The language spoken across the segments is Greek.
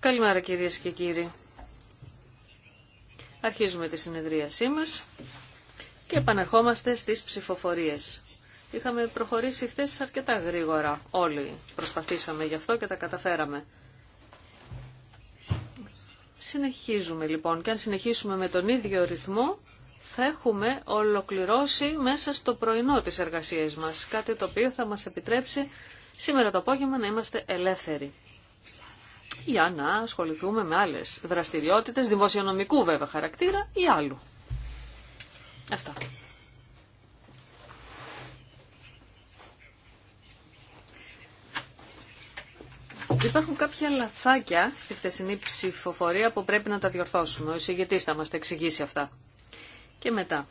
Καλημέρα κυρίες και κύριοι. Αρχίζουμε τη συνεδρίασή μας και επαναρχόμαστε στις ψηφοφορίες. Είχαμε προχωρήσει χθες αρκετά γρήγορα όλοι. Προσπαθήσαμε γι' αυτό και τα καταφέραμε. Συνεχίζουμε λοιπόν και αν συνεχίσουμε με τον ίδιο ρυθμό θα έχουμε ολοκληρώσει μέσα στο πρωινό της εργασίας μας, κάτι το οποίο θα μας επιτρέψει σήμερα το απόγευμα να είμαστε ελεύθεροι για να ασχοληθούμε με άλλες δραστηριότητες δημοσιονομικού βέβαια χαρακτήρα ή άλλου. Αυτά. Υπάρχουν κάποια λαθάκια στη χθεσινή ψηφοφορία που πρέπει να τα διορθώσουμε. Ο εισηγητή θα μας τα εξηγήσει αυτά. Και μετά,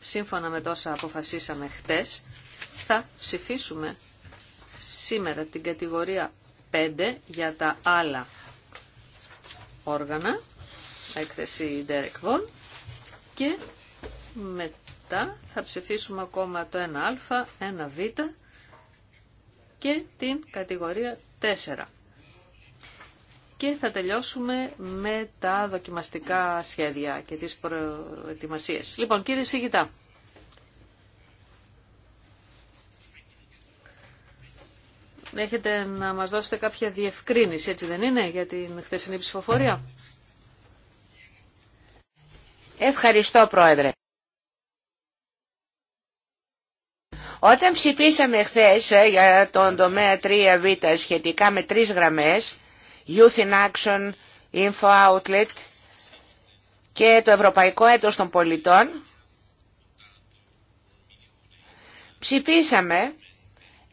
σύμφωνα με τόσα αποφασίσαμε χτες, θα ψηφίσουμε σήμερα την κατηγορία 5 για τα άλλα όργανα, έκθεση Derek Von, και μετά θα ψηφίσουμε ακόμα το 1α, 1β και την κατηγορία 4. Και θα τελειώσουμε με τα δοκιμαστικά σχέδια και τις προετοιμασίες. Λοιπόν, κύριε Σιγητά, έχετε να μας δώσετε κάποια διευκρίνηση, έτσι δεν είναι, για την χθεσινή ψηφοφορία. Ευχαριστώ, Πρόεδρε. Όταν ψηφίσαμε χθε ε, για τον τομέα 3β σχετικά με τρεις γραμμές, Youth in Action, Info Outlet και το Ευρωπαϊκό Έτος των Πολιτών, ψηφίσαμε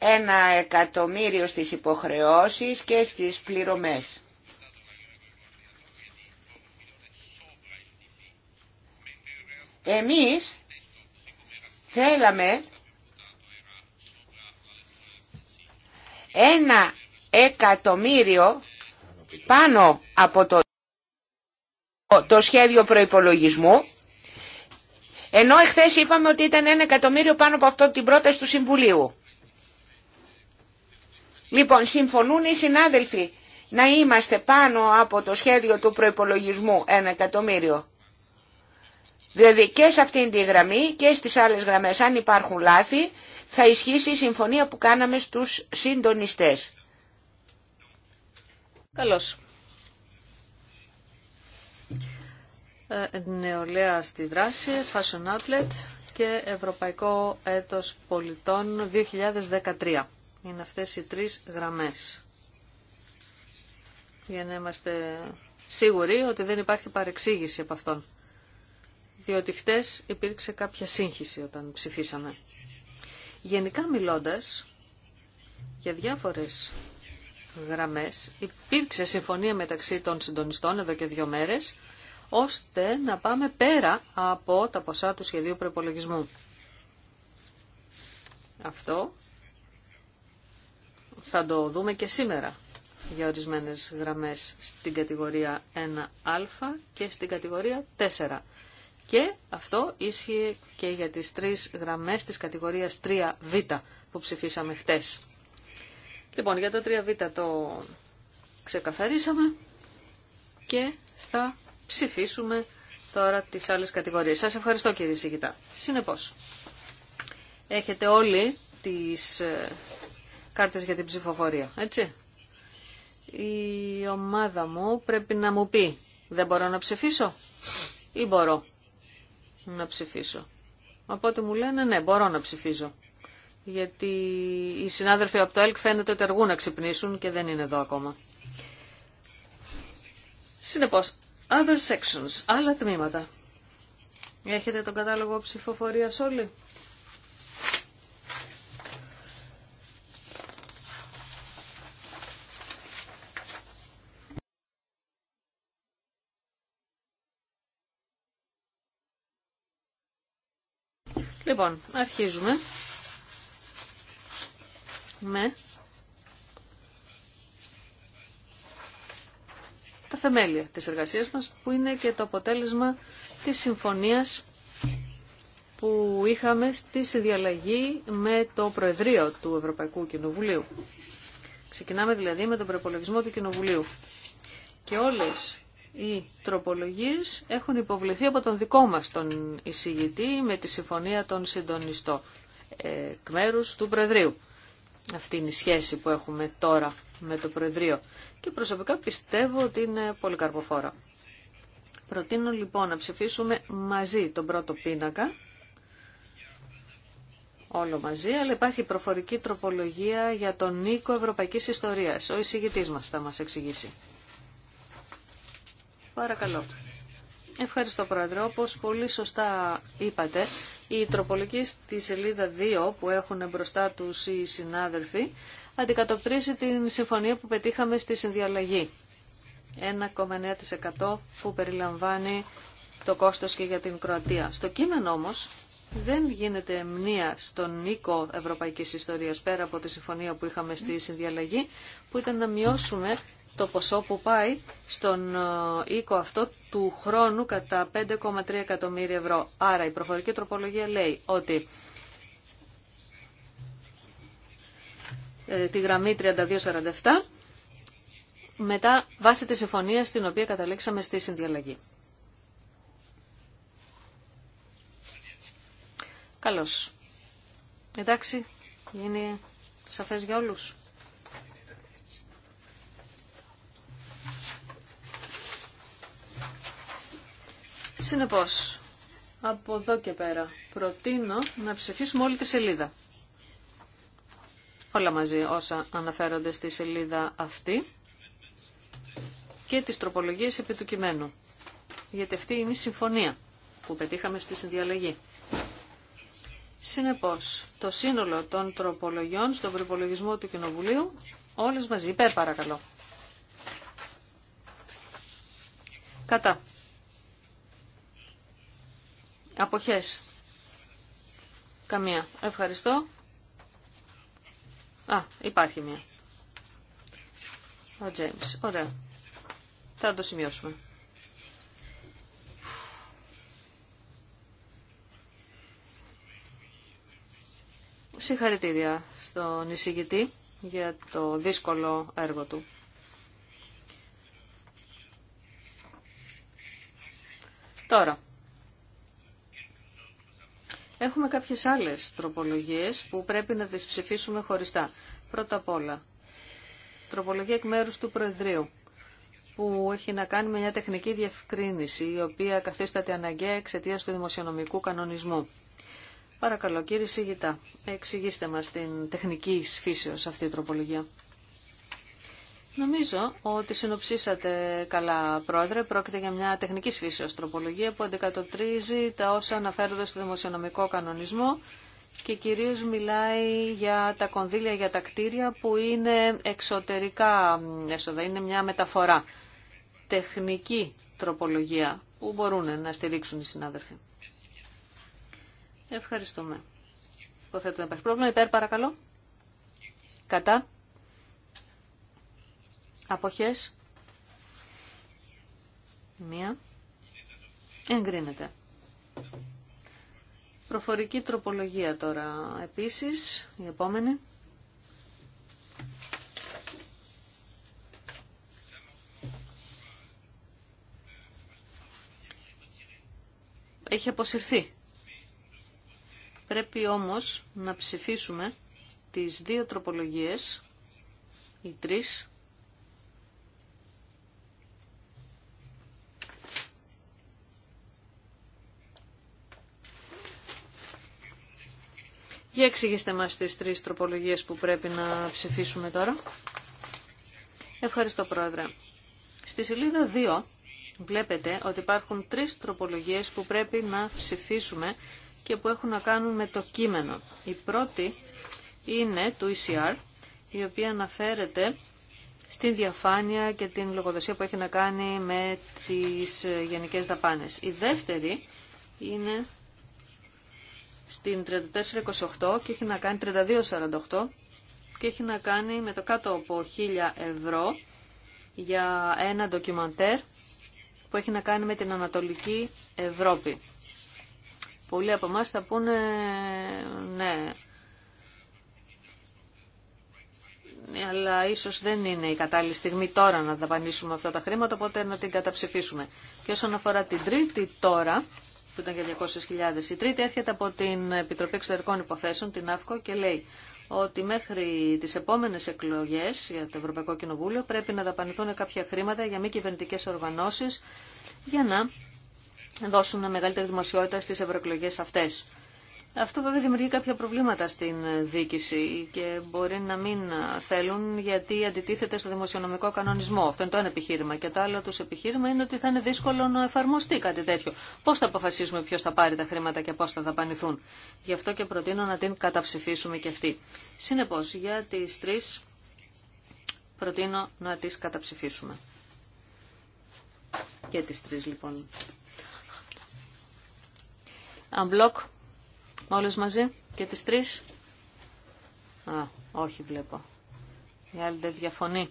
ένα εκατομμύριο στις υποχρεώσεις και στις πληρωμές. Εμείς θέλαμε ένα εκατομμύριο πάνω από το, το σχέδιο προϋπολογισμού ενώ εχθές είπαμε ότι ήταν ένα εκατομμύριο πάνω από αυτό την πρόταση του Συμβουλίου. Λοιπόν, συμφωνούν οι συνάδελφοι να είμαστε πάνω από το σχέδιο του προϋπολογισμού ένα εκατομμύριο. Δηλαδή και σε αυτήν τη γραμμή και στις άλλες γραμμές αν υπάρχουν λάθη θα ισχύσει η συμφωνία που κάναμε στους συντονιστές. Καλώς. Ε, νεολαία στη δράση, Fashion Outlet και Ευρωπαϊκό Έτος Πολιτών 2013. Είναι αυτές οι τρεις γραμμές. Για να είμαστε σίγουροι ότι δεν υπάρχει παρεξήγηση από αυτόν. Διότι χτες υπήρξε κάποια σύγχυση όταν ψηφίσαμε. Γενικά μιλώντας, για διάφορες γραμμές υπήρξε συμφωνία μεταξύ των συντονιστών εδώ και δύο μέρες, ώστε να πάμε πέρα από τα ποσά του σχεδίου προπολογισμού. Αυτό θα το δούμε και σήμερα για ορισμένες γραμμές στην κατηγορία 1α και στην κατηγορία 4. Και αυτό ίσχυε και για τις τρεις γραμμές της κατηγορίας 3β που ψηφίσαμε χτες. Λοιπόν, για το 3β το ξεκαθαρίσαμε και θα ψηφίσουμε τώρα τις άλλες κατηγορίες. Σας ευχαριστώ κύριε Σιγητά. Συνεπώς, έχετε όλοι τις ε, κάρτες για την ψηφοφορία, έτσι. Η ομάδα μου πρέπει να μου πει, δεν μπορώ να ψηφίσω ή μπορώ να ψηφίσω. Οπότε μου λένε ναι, μπορώ να ψηφίζω. Γιατί οι συνάδελφοι από το ΕΛΚ φαίνεται ότι αργούν να ξυπνήσουν και δεν είναι εδώ ακόμα. Συνεπώς, other sections, άλλα τμήματα. Έχετε τον κατάλογο ψηφοφορίας όλοι. Λοιπόν, αρχίζουμε με τα θεμέλια της εργασίας μας, που είναι και το αποτέλεσμα της συμφωνίας που είχαμε στη συνδιαλλαγή με το Προεδρείο του Ευρωπαϊκού Κοινοβουλίου. Ξεκινάμε δηλαδή με τον προπολογισμό του Κοινοβουλίου. Και όλες οι τροπολογίες έχουν υποβληθεί από τον δικό μας τον εισηγητή με τη συμφωνία των συντονιστών εκ μέρους του Προεδρείου. Αυτή είναι η σχέση που έχουμε τώρα με το Προεδρείο και προσωπικά πιστεύω ότι είναι πολύ καρποφόρα. Προτείνω λοιπόν να ψηφίσουμε μαζί τον πρώτο πίνακα, όλο μαζί, αλλά υπάρχει προφορική τροπολογία για τον Νίκο Ευρωπαϊκής Ιστορίας. Ο εισηγητής μας θα μας εξηγήσει. Παρακαλώ. Ευχαριστώ Πρόεδρε. Όπως πολύ σωστά είπατε, οι τροπολογίες στη σελίδα 2 που έχουν μπροστά τους οι συνάδελφοι αντικατοπτρίζει την συμφωνία που πετύχαμε στη συνδιαλλαγή. 1,9% που περιλαμβάνει το κόστος και για την Κροατία. Στο κείμενο όμως δεν γίνεται μνήα στον νίκο Ευρωπαϊκής Ιστορίας πέρα από τη συμφωνία που είχαμε στη συνδιαλλαγή που ήταν να μειώσουμε το ποσό που πάει στον ε, οίκο αυτό του χρόνου κατά 5,3 εκατομμύρια ευρώ. Άρα η προφορική τροπολογία λέει ότι ε, τη γραμμή 3247 μετά βάσει τη συμφωνία στην οποία καταλήξαμε στη συνδιαλλαγή. Καλώς. Εντάξει, είναι σαφές για όλους. Συνεπώς, από εδώ και πέρα προτείνω να ψηφίσουμε όλη τη σελίδα. Όλα μαζί όσα αναφέρονται στη σελίδα αυτή και τις τροπολογίες επί του κειμένου. Γιατί αυτή είναι η συμφωνία που πετύχαμε στη συνδιαλλαγή. Συνεπώς, το σύνολο των τροπολογιών στον προπολογισμό του Κοινοβουλίου, όλες μαζί, υπέρ παρακαλώ. Κατά. Αποχές. Καμία. Ευχαριστώ. Α, υπάρχει μία. Ο Τζέιμς. Ωραία. Θα το σημειώσουμε. Συγχαρητήρια στον εισηγητή για το δύσκολο έργο του. Τώρα, Έχουμε κάποιες άλλες τροπολογίες που πρέπει να τις ψηφίσουμε χωριστά. Πρώτα απ' όλα, τροπολογία εκ μέρους του Προεδρείου που έχει να κάνει με μια τεχνική διευκρίνηση η οποία καθίσταται αναγκαία εξαιτία του δημοσιονομικού κανονισμού. Παρακαλώ κύριε Σιγητά, εξηγήστε μας την τεχνική φύσεως αυτή η τροπολογία. Νομίζω ότι συνοψίσατε καλά, Πρόεδρε. Πρόκειται για μια τεχνική φύσεως τροπολογία που αντικατοπτρίζει τα όσα αναφέρονται στο δημοσιονομικό κανονισμό και κυρίως μιλάει για τα κονδύλια για τα κτίρια που είναι εξωτερικά έσοδα, είναι μια μεταφορά. Τεχνική τροπολογία που μπορούν να στηρίξουν οι συνάδελφοι. Ευχαριστούμε. Υποθέτω να υπάρχει πρόβλημα. Υπέρ παρακαλώ. Κατά. Αποχές. Μία. Εγκρίνεται. Προφορική τροπολογία τώρα επίσης, η επόμενη. Έχει αποσυρθεί. Πρέπει όμως να ψηφίσουμε τις δύο τροπολογίες, οι τρεις, Για εξηγήστε μας τις τρεις τροπολογίες που πρέπει να ψηφίσουμε τώρα. Ευχαριστώ Πρόεδρε. Στη σελίδα 2 βλέπετε ότι υπάρχουν τρεις τροπολογίες που πρέπει να ψηφίσουμε και που έχουν να κάνουν με το κείμενο. Η πρώτη είναι του ECR, η οποία αναφέρεται στην διαφάνεια και την λογοδοσία που έχει να κάνει με τις γενικές δαπάνες. Η δεύτερη είναι στην 3428 και έχει να κάνει 3248 και έχει να κάνει με το κάτω από 1000 ευρώ για ένα ντοκιμαντέρ που έχει να κάνει με την Ανατολική Ευρώπη. Πολλοί από εμά θα πούνε ναι, ναι, αλλά ίσως δεν είναι η κατάλληλη στιγμή τώρα να δαπανίσουμε αυτά τα χρήματα, οπότε να την καταψηφίσουμε. Και όσον αφορά την τρίτη τώρα, που ήταν για 200.000. Η τρίτη έρχεται από την Επιτροπή Εξωτερικών Υποθέσεων, την ΑΦΚΟ, και λέει ότι μέχρι τις επόμενες εκλογέ για το Ευρωπαϊκό Κοινοβούλιο πρέπει να δαπανηθούν κάποια χρήματα για μη κυβερνητικέ οργανώσεις για να δώσουν μεγαλύτερη δημοσιότητα στις ευρωεκλογέ αυτές. Αυτό βέβαια δημιουργεί κάποια προβλήματα στην δίκηση και μπορεί να μην θέλουν γιατί αντιτίθεται στο δημοσιονομικό κανονισμό. Αυτό είναι το ένα επιχείρημα. Και το άλλο του επιχείρημα είναι ότι θα είναι δύσκολο να εφαρμοστεί κάτι τέτοιο. Πώ θα αποφασίσουμε ποιο θα πάρει τα χρήματα και πώ θα δαπανηθούν. Γι' αυτό και προτείνω να την καταψηφίσουμε και αυτή. Συνεπώ, για τι τρει προτείνω να τι καταψηφίσουμε. Και τι τρει λοιπόν. Unblock Όλες μαζί και τις τρεις. Α, όχι βλέπω. Η άλλη δεν διαφωνεί.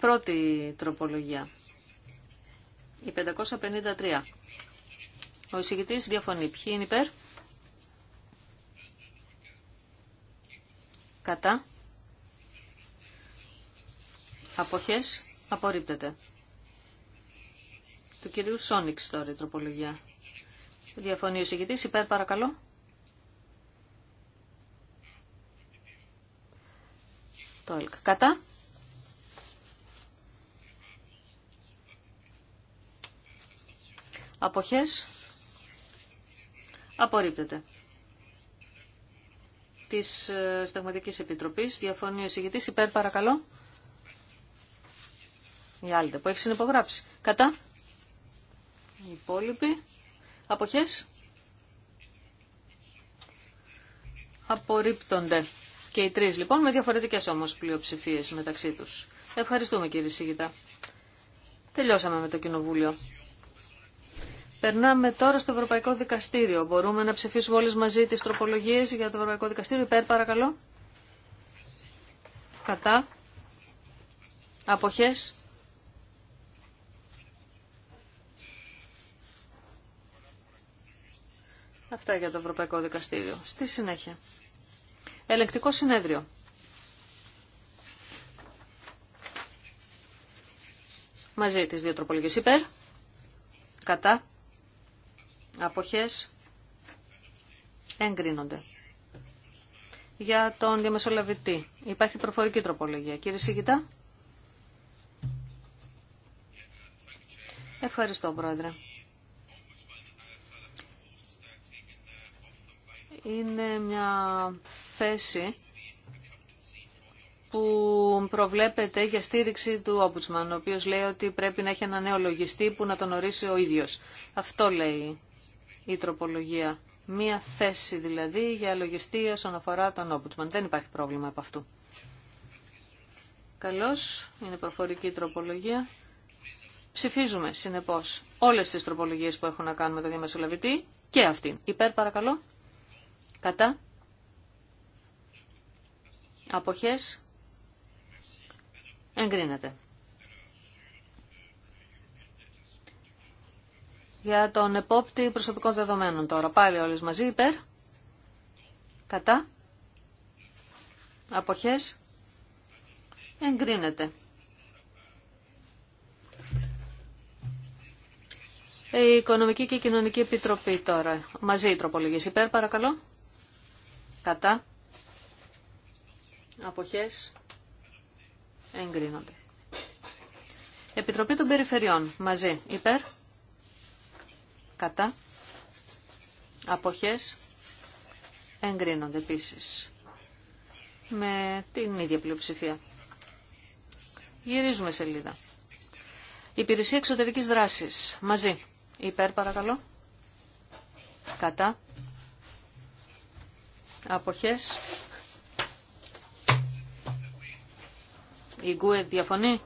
Πρώτη τροπολογία. Η 553. Ο εισηγητής διαφωνεί. Ποιοι είναι υπέρ. Κατά. Αποχές. Απορρίπτεται. Του κυρίου Σόνιξ τώρα η τροπολογία. Διαφωνεί ο συγκητής. Υπέρ παρακαλώ. Το Κατά. Αποχές. Απορρίπτεται. Της ε, Σταγματικής Επιτροπής. Διαφωνεί ο συγκητής. Υπέρ παρακαλώ. Η άλλη που έχει συνεπογράψει. Κατά. Οι υπόλοιποι. Αποχές. Απορρίπτονται. Και οι τρεις λοιπόν με διαφορετικές όμως πλειοψηφίες μεταξύ τους. Ευχαριστούμε κύριε Σίγητα. Τελειώσαμε με το Κοινοβούλιο. Περνάμε τώρα στο Ευρωπαϊκό Δικαστήριο. Μπορούμε να ψηφίσουμε όλες μαζί τις τροπολογίες για το Ευρωπαϊκό Δικαστήριο. Υπέρ παρακαλώ. Κατά. Αποχές. Αυτά για το Ευρωπαϊκό Δικαστήριο. Στη συνέχεια. Ελεκτικό συνέδριο. Μαζί της δύο τροπολογίες υπέρ. Κατά. Αποχές. Εγκρίνονται. Για τον διαμεσολαβητή. Υπάρχει προφορική τροπολογία. Κύριε Σίγητα. Ευχαριστώ, Πρόεδρε. είναι μια θέση που προβλέπεται για στήριξη του Ombudsman, ο οποίος λέει ότι πρέπει να έχει ένα νέο λογιστή που να τον ορίσει ο ίδιος. Αυτό λέει η τροπολογία. Μία θέση δηλαδή για λογιστή όσον αφορά τον Ombudsman. Δεν υπάρχει πρόβλημα από αυτού. Καλώς, είναι προφορική τροπολογία. Ψηφίζουμε, συνεπώς, όλες τις τροπολογίες που έχουν να κάνουν με το διαμεσολαβητή και αυτήν. Υπέρ, παρακαλώ. Κατά. Αποχές. Εγκρίνεται. Για τον επόπτη προσωπικών δεδομένων τώρα. Πάλι όλες μαζί υπέρ. Κατά. Αποχές. Εγκρίνεται. Ε, η Οικονομική και Κοινωνική Επιτροπή τώρα. Μαζί οι τροπολογίε υπέρ παρακαλώ κατά, αποχές, εγκρίνονται. Επιτροπή των Περιφερειών, μαζί, υπέρ, κατά, αποχές, εγκρίνονται επίσης με την ίδια πλειοψηφία. Γυρίζουμε σελίδα. Υπηρεσία εξωτερικής δράσης. Μαζί. Υπέρ παρακαλώ. Κατά. Αποχές. Η Γκουε διαφωνεί.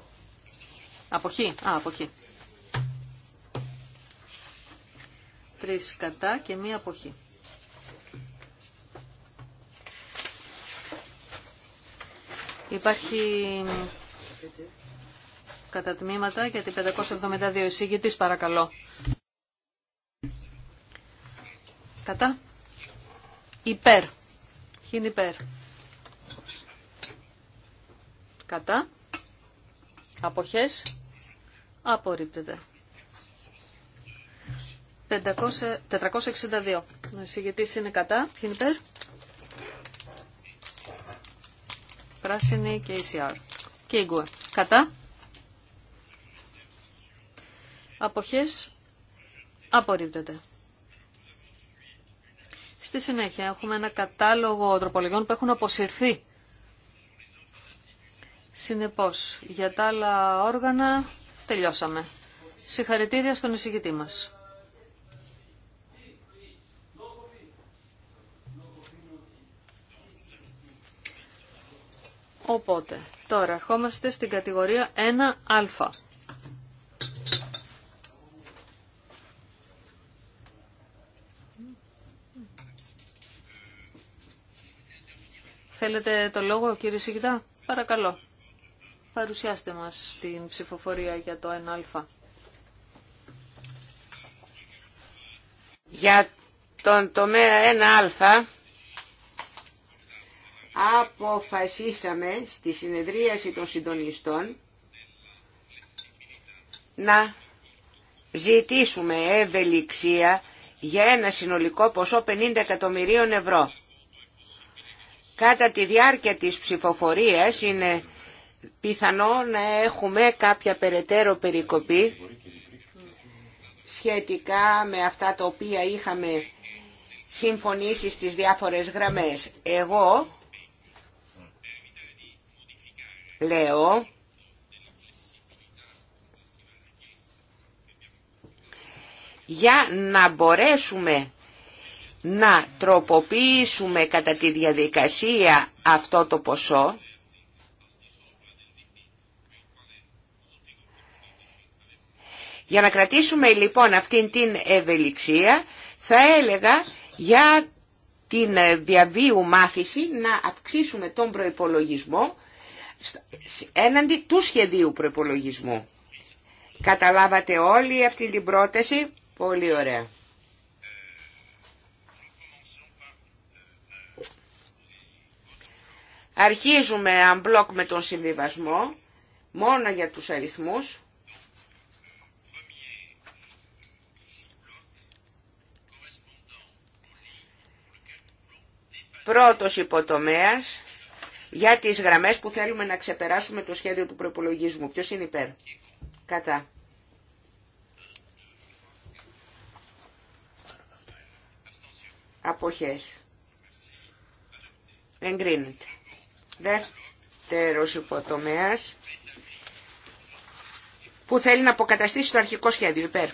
Αποχή. Α, αποχή. Τρεις κατά και μία αποχή. Υπάρχει κατά τμήματα για την 572 εισήγητης, παρακαλώ. Κατά. Υπέρ είναι υπέρ. Κατά. Αποχές. Απορρίπτεται. 462. Ο εισηγητής είναι κατά. Ποιοι είναι υπέρ. Πράσινη και ECR. Και η Κατά. Αποχές. Απορρίπτεται. Στη συνέχεια έχουμε ένα κατάλογο τροπολογιών που έχουν αποσυρθεί. Συνεπώς, για τα άλλα όργανα τελειώσαμε. Συγχαρητήρια στον εισηγητή μας. Οπότε, τώρα ερχόμαστε στην κατηγορία 1α. Θέλετε το λόγο κύριε Σιγητά. Παρακαλώ. Παρουσιάστε μας την ψηφοφορία για το 1α. Για τον τομέα 1α αποφασίσαμε στη συνεδρίαση των συντονιστών να ζητήσουμε ευελιξία για ένα συνολικό ποσό 50 εκατομμυρίων ευρώ. Κατά τη διάρκεια της ψηφοφορίας είναι πιθανό να έχουμε κάποια περαιτέρω περικοπή σχετικά με αυτά τα οποία είχαμε συμφωνήσει στις διάφορες γραμμές. Εγώ λέω για να μπορέσουμε να τροποποιήσουμε κατά τη διαδικασία αυτό το ποσό Για να κρατήσουμε λοιπόν αυτήν την ευελιξία θα έλεγα για την διαβίου μάθηση να αυξήσουμε τον προϋπολογισμό έναντι του σχεδίου προϋπολογισμού. Καταλάβατε όλοι αυτή την πρόταση. Πολύ ωραία. Αρχίζουμε αμπλοκ με τον συμβιβασμό, μόνο για τους αριθμούς. Πρώτος υποτομέας για τις γραμμές που θέλουμε να ξεπεράσουμε το σχέδιο του προπολογισμού. Ποιος είναι υπέρ. Κατά. Αποχές. Εγκρίνεται. Δεύτερος υποτομέας που θέλει να αποκαταστήσει το αρχικό σχέδιο υπέρ.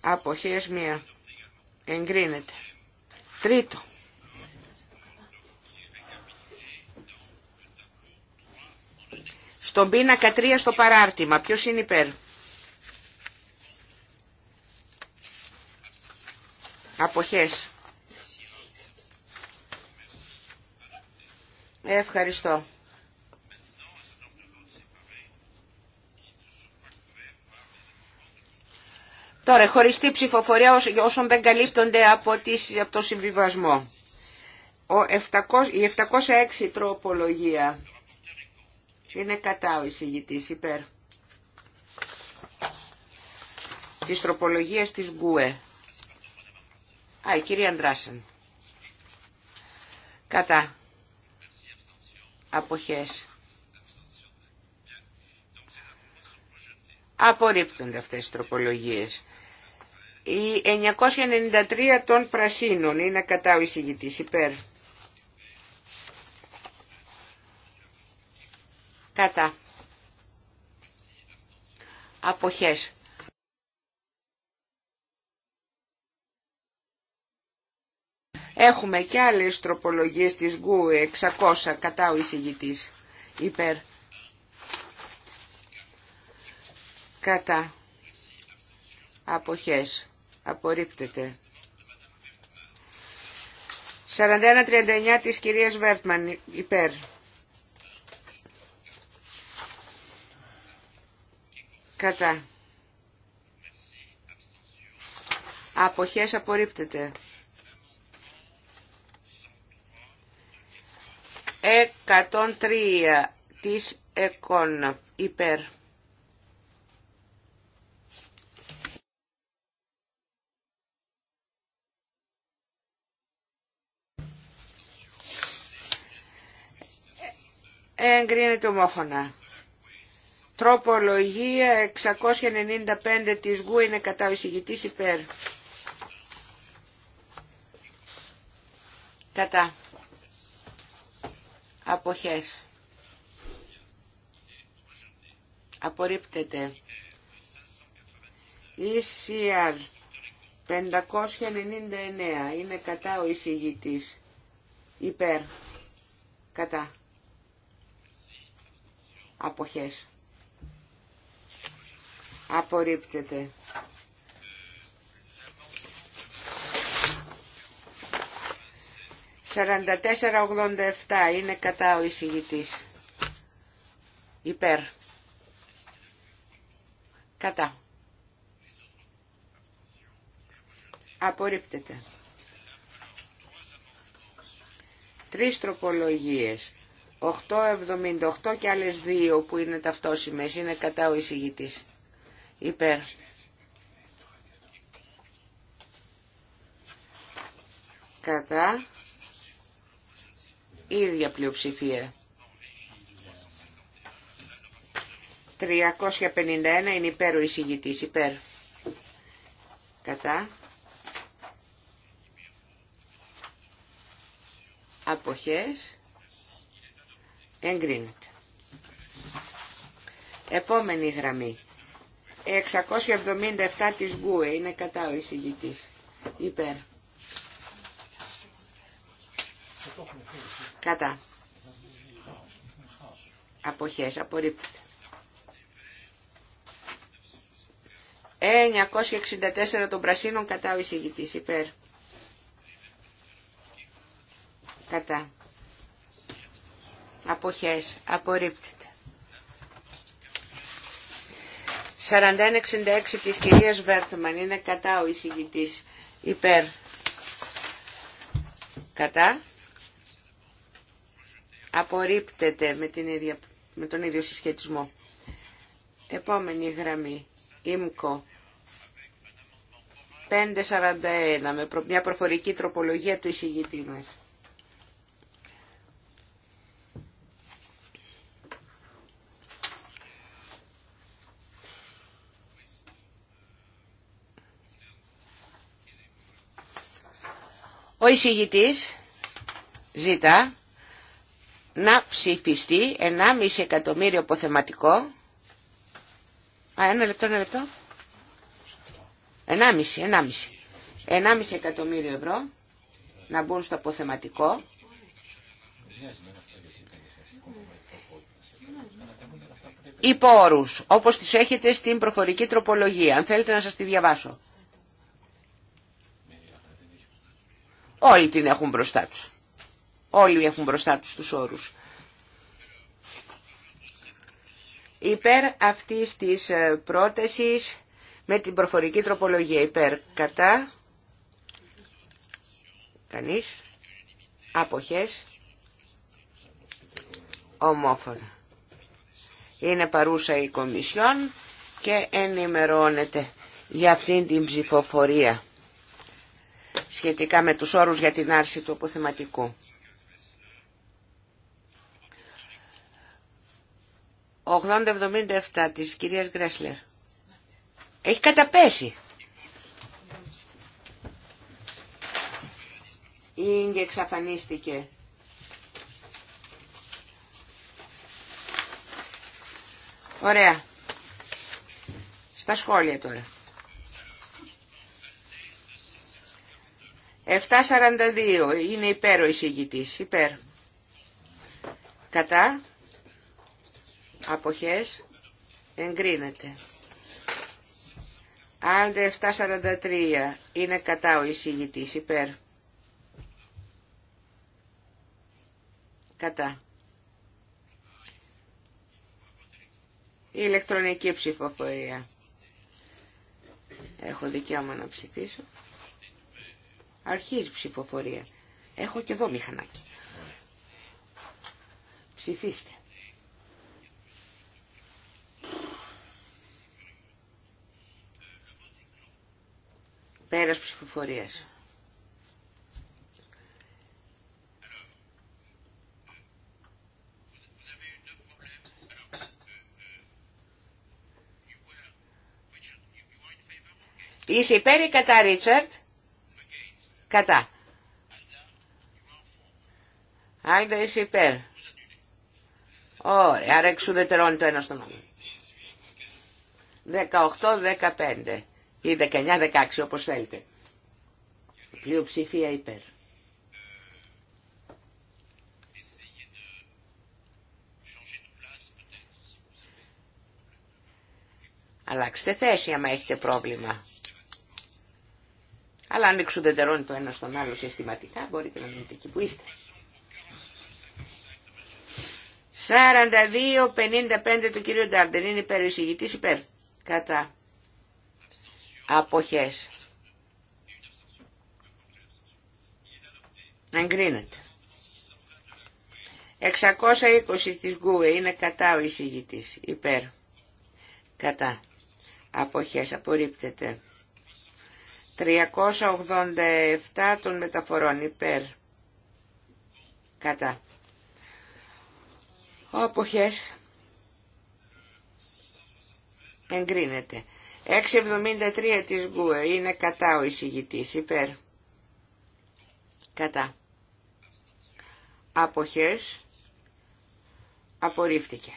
Αποχές μία. Εγκρίνεται. Τρίτο. Στον πίνακα τρία στο παράρτημα. Ποιος είναι υπέρ. Αποχές. Ευχαριστώ. Τώρα, χωριστή ψηφοφορία όσων δεν καλύπτονται από, τις, από το συμβιβασμό. Ο 700, η 706 τροπολογία είναι κατά ο εισηγητής, υπέρ. Της τροπολογίας της Γκουε. Α, η κυρία Αντράσεν. Κατά αποχές απορρίπτονται αυτές οι τροπολογίες Οι 993 των πρασίνων είναι κατά ο εισηγητής υπέρ κατά αποχές Έχουμε και άλλες τροπολογίες της ΓΚΟΥ 600 κατά ο εισηγητής υπέρ κατά αποχές απορρίπτεται 41-39 της κυρίας Βέρτμαν υπέρ κατά αποχές απορρίπτεται 103 της ΕΚΟΝ υπέρ. Εγκρίνεται ομόφωνα. Τροπολογία 695 της ΓΟΥ είναι κατά ο εισηγητής υπέρ. Κατά. Αποχές. Απορρίπτεται. ECR 599 είναι κατά ο εισηγητής. Υπέρ. Κατά. Αποχές. Απορρίπτεται. 4487 είναι κατά ο εισηγητής. Υπέρ. Κατά. Απορρίπτεται. Τρεις τροπολογίες. 8,78 και άλλες δύο που είναι ταυτόσιμες. Είναι κατά ο εισηγητής. Υπέρ. Κατά η ίδια πλειοψηφία. 351 είναι υπέρ ο εισηγητής, υπέρ. Κατά. Αποχές. Εγκρίνεται. Επόμενη γραμμή. 677 της Γκουε είναι κατά ο εισηγητής. Υπέρ. Κατά. Αποχές. Απορρίπτεται. 964 ε, των πρασίνων κατά ο εισηγητής. Υπέρ. Κατά. Αποχές. Απορρίπτεται. 4166 της κυρίας Βέρτμαν είναι κατά ο εισηγητής. Υπέρ. Κατά απορρίπτεται με, την με τον ίδιο συσχετισμό. Επόμενη γραμμή, ΙΜΚΟ 541, με μια προφορική τροπολογία του εισηγητή μας. Ο εισηγητής ζητά να ψηφιστεί 1,5 εκατομμύριο αποθεματικό. Α, ένα λεπτό, ένα λεπτό. 1,5, 1,5. 1,5 εκατομμύριο ευρώ να μπουν στο αποθεματικό. Υπό όρους, όπως τις έχετε στην προφορική τροπολογία. Αν θέλετε να σας τη διαβάσω. Όλοι την έχουν μπροστά τους. Όλοι έχουν μπροστά τους τους όρους. Υπέρ αυτής της ε, πρότασης με την προφορική τροπολογία υπέρ κατά κανείς αποχές ομόφωνα. Είναι παρούσα η Κομισιόν και ενημερώνεται για αυτήν την ψηφοφορία σχετικά με τους όρους για την άρση του αποθεματικού. 8077 της κυρίας Γκρέσλερ. Έχει καταπέσει. Η εξαφανίστηκε. Ωραία. Στα σχόλια τώρα. 7.42 είναι υπέρ ο εισηγητής. Υπέρ. Κατά αποχές εγκρίνεται. Άντε 743 είναι κατά ο εισηγητής υπέρ. Κατά. Η ηλεκτρονική ψηφοφορία. Έχω δικαίωμα να ψηφίσω. Αρχίζει ψηφοφορία. Έχω και εδώ μηχανάκι. Ψηφίστε. Πέρας ψηφοφορίας. Είσαι υπέρ ή κατά, Ρίτσαρτ. Κατά. Άλντα, είσαι υπέρ. Ωραία, άρα εξουδετερώνει το ένα στον άλλο. 18-15 ή 19-16 όπως θέλετε. Πλειοψηφία υπέρ. Αλλάξτε θέση άμα έχετε πρόβλημα. Αλλά αν εξουδετερώνει το ένα στον άλλο συστηματικά, μπορείτε να μείνετε εκεί που είστε. 42-55 του κύριου Ντάρντεν είναι υπέρ, εισηγητής υπέρ. Κατά. Αποχές. Εγκρίνεται. 620 της Γκουε είναι κατά ο εισηγητής. Υπέρ. Κατά. Αποχές. Απορρίπτεται. 387 των μεταφορών. Υπέρ. Κατά. Αποχές. Εγκρίνεται. 673 της Γκουε είναι κατά ο εισηγητής, υπέρ. Κατά. Αποχές. Απορρίφθηκε.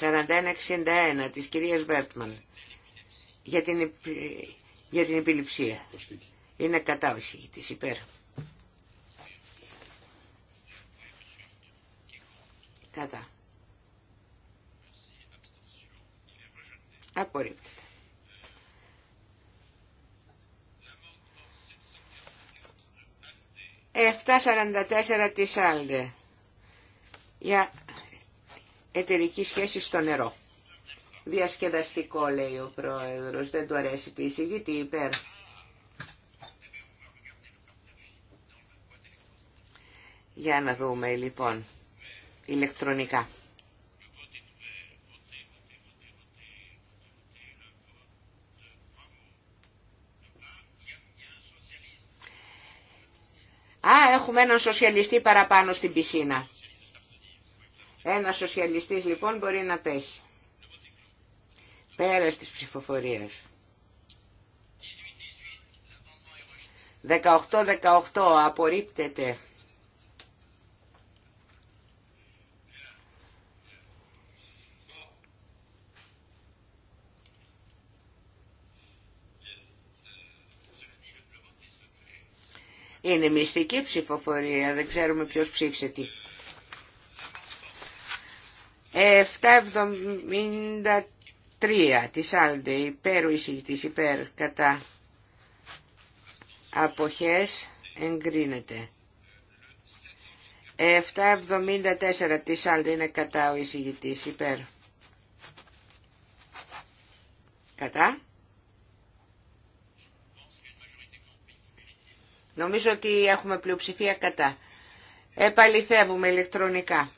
4161 της κυρίας Βέρτμαν για την, για την επιληψία. Είναι κατά ο εισηγητής, υπέρ. Κατά. Απορρίπτεται. Εφτά σαραντατέσσερα της Άλντε για εταιρική σχέση στο νερό. Διασκεδαστικό λέει ο πρόεδρος, δεν του αρέσει πίση, γιατί υπέρ. Για να δούμε λοιπόν ηλεκτρονικά. έχουμε έναν σοσιαλιστή παραπάνω στην πισίνα. Ένα σοσιαλιστής λοιπόν μπορεί να πέχει. Πέρας της ψηφοφορίας. 18-18 απορρίπτεται. Είναι μυστική ψηφοφορία, δεν ξέρουμε ποιος ψήφισε τι. 773 της Άλντε, υπέρ ο εισηγητής, υπέρ, κατά αποχές, εγκρίνεται. 774 της Άλντε είναι κατά ο εισηγητής, υπέρ. Κατά. Νομίζω ότι έχουμε πλειοψηφία κατά. Επαληθεύουμε ηλεκτρονικά.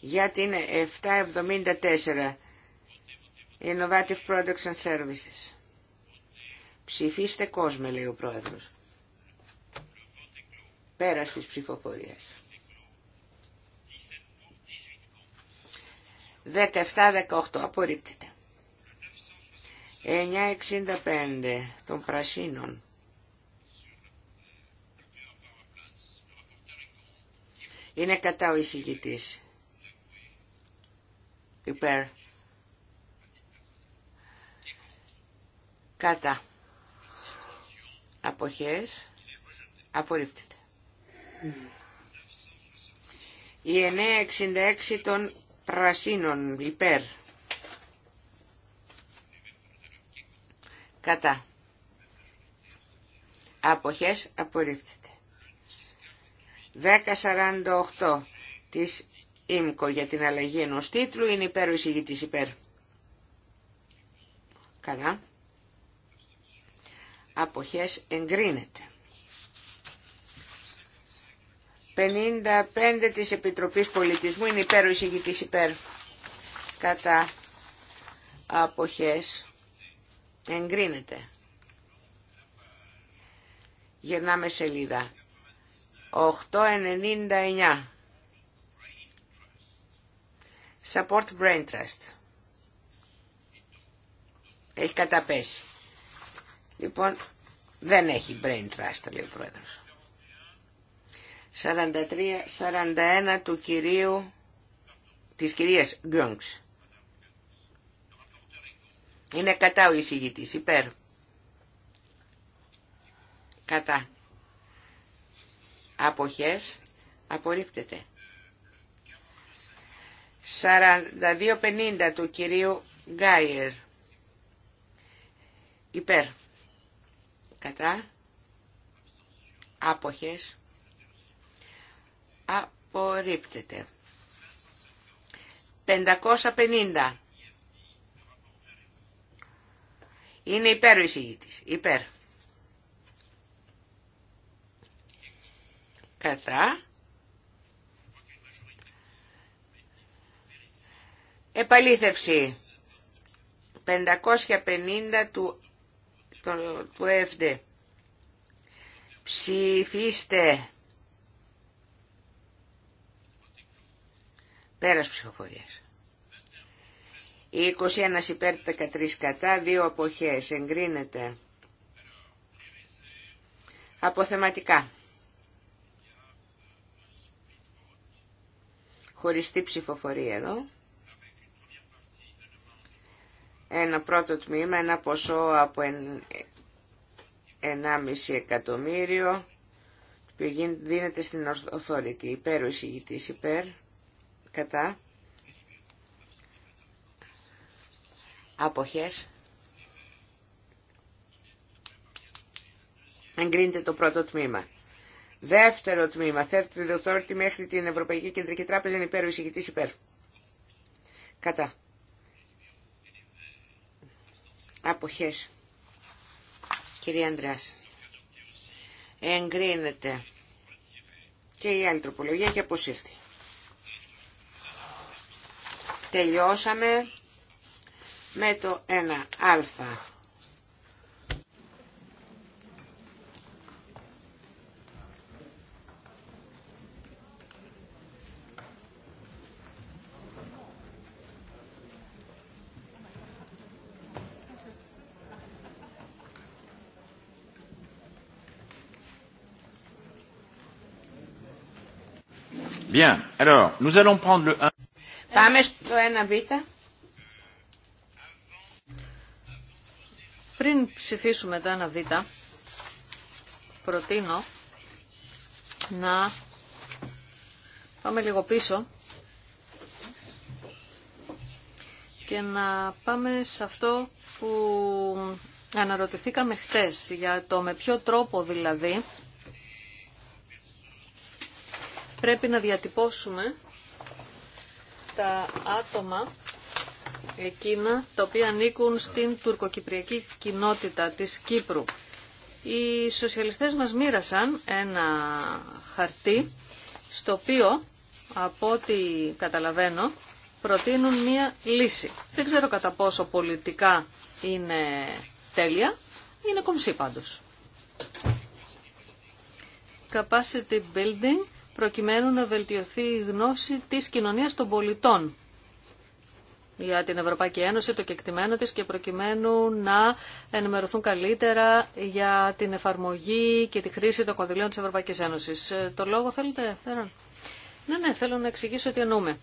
Για την 774. Innovative Products and Services. Ψηφίστε κόσμο, λέει ο πρόεδρος. Πέρα της ψηφοφορίας. 17-18. Απορρίπτεται. 9.65 των πρασίνων. Είναι κατά ο εισηγητής. Υπέρ. Κατά. Αποχές. Απορρίπτεται. Η 966 των πρασίνων. Υπέρ. Κατά. Αποχές απορρίπτεται. 1048 της ΙΜΚΟ για την αλλαγή ενός τίτλου είναι υπέρ ο εισηγητής υπέρ. Κατά. Αποχές εγκρίνεται. 55 της Επιτροπής Πολιτισμού είναι υπέρ ο εισηγητής υπέρ. Κατά. Αποχές εγκρίνεται. Γυρνάμε σελίδα. 899. Support Brain Trust. Έχει καταπέσει. Λοιπόν, δεν έχει Brain Trust, λέει ο πρόεδρος. 43-41 του κυρίου, της κυρίας Γκιόγκς. Είναι κατά ο εισηγητής, υπέρ. Κατά αποχές απορρίπτεται. 42.50 του κυρίου Γκάιερ. Υπέρ. Κατά. Άποχες. Απορρίπτεται. 550. Είναι υπέρ ο εισηγητής. Υπέρ. κατά. Επαλήθευση 550 του, το, του ΕΦΔ. Ψηφίστε. Πέρας ψηφοφορίας. 21 υπέρ 13 κατά, 2 αποχές, εγκρίνεται. Αποθεματικά. χωριστή ψηφοφορία εδώ. Ένα πρώτο τμήμα, ένα ποσό από 1,5 εκατομμύριο που δίνεται στην οθόρυτη. Υπέρ ο εισηγητής, υπέρ, κατά. Αποχές. Εγκρίνεται το πρώτο τμήμα. Δεύτερο τμήμα, third authority μέχρι την Ευρωπαϊκή Κεντρική Τράπεζα είναι υπέρ, ο εισηγητής υπέρ. Κατά. Αποχές. Κυρία Ανδρέας. Εγκρίνεται. Και η άλλη τροπολογία έχει αποσύρθει. Τελειώσαμε με το 1α. Bien, alors, nous allons prendre le 1. Πάμε στο 1β. Πριν ψηφίσουμε το 1β, προτείνω να πάμε λίγο πίσω και να πάμε σε αυτό που αναρωτηθήκαμε χτες για το με ποιο τρόπο δηλαδή πρέπει να διατυπώσουμε τα άτομα εκείνα τα οποία ανήκουν στην τουρκοκυπριακή κοινότητα της Κύπρου. Οι σοσιαλιστές μας μοίρασαν ένα χαρτί στο οποίο, από ό,τι καταλαβαίνω, προτείνουν μία λύση. Δεν ξέρω κατά πόσο πολιτικά είναι τέλεια, είναι κομψή πάντως. Capacity building προκειμένου να βελτιωθεί η γνώση της κοινωνίας των πολιτών για την Ευρωπαϊκή Ένωση, το κεκτημένο της και προκειμένου να ενημερωθούν καλύτερα για την εφαρμογή και τη χρήση των κονδυλίων της Ευρωπαϊκής Ένωσης. Ε, το λόγο θέλετε, Φέραν. Ναι, ναι, θέλω να εξηγήσω τι εννοούμε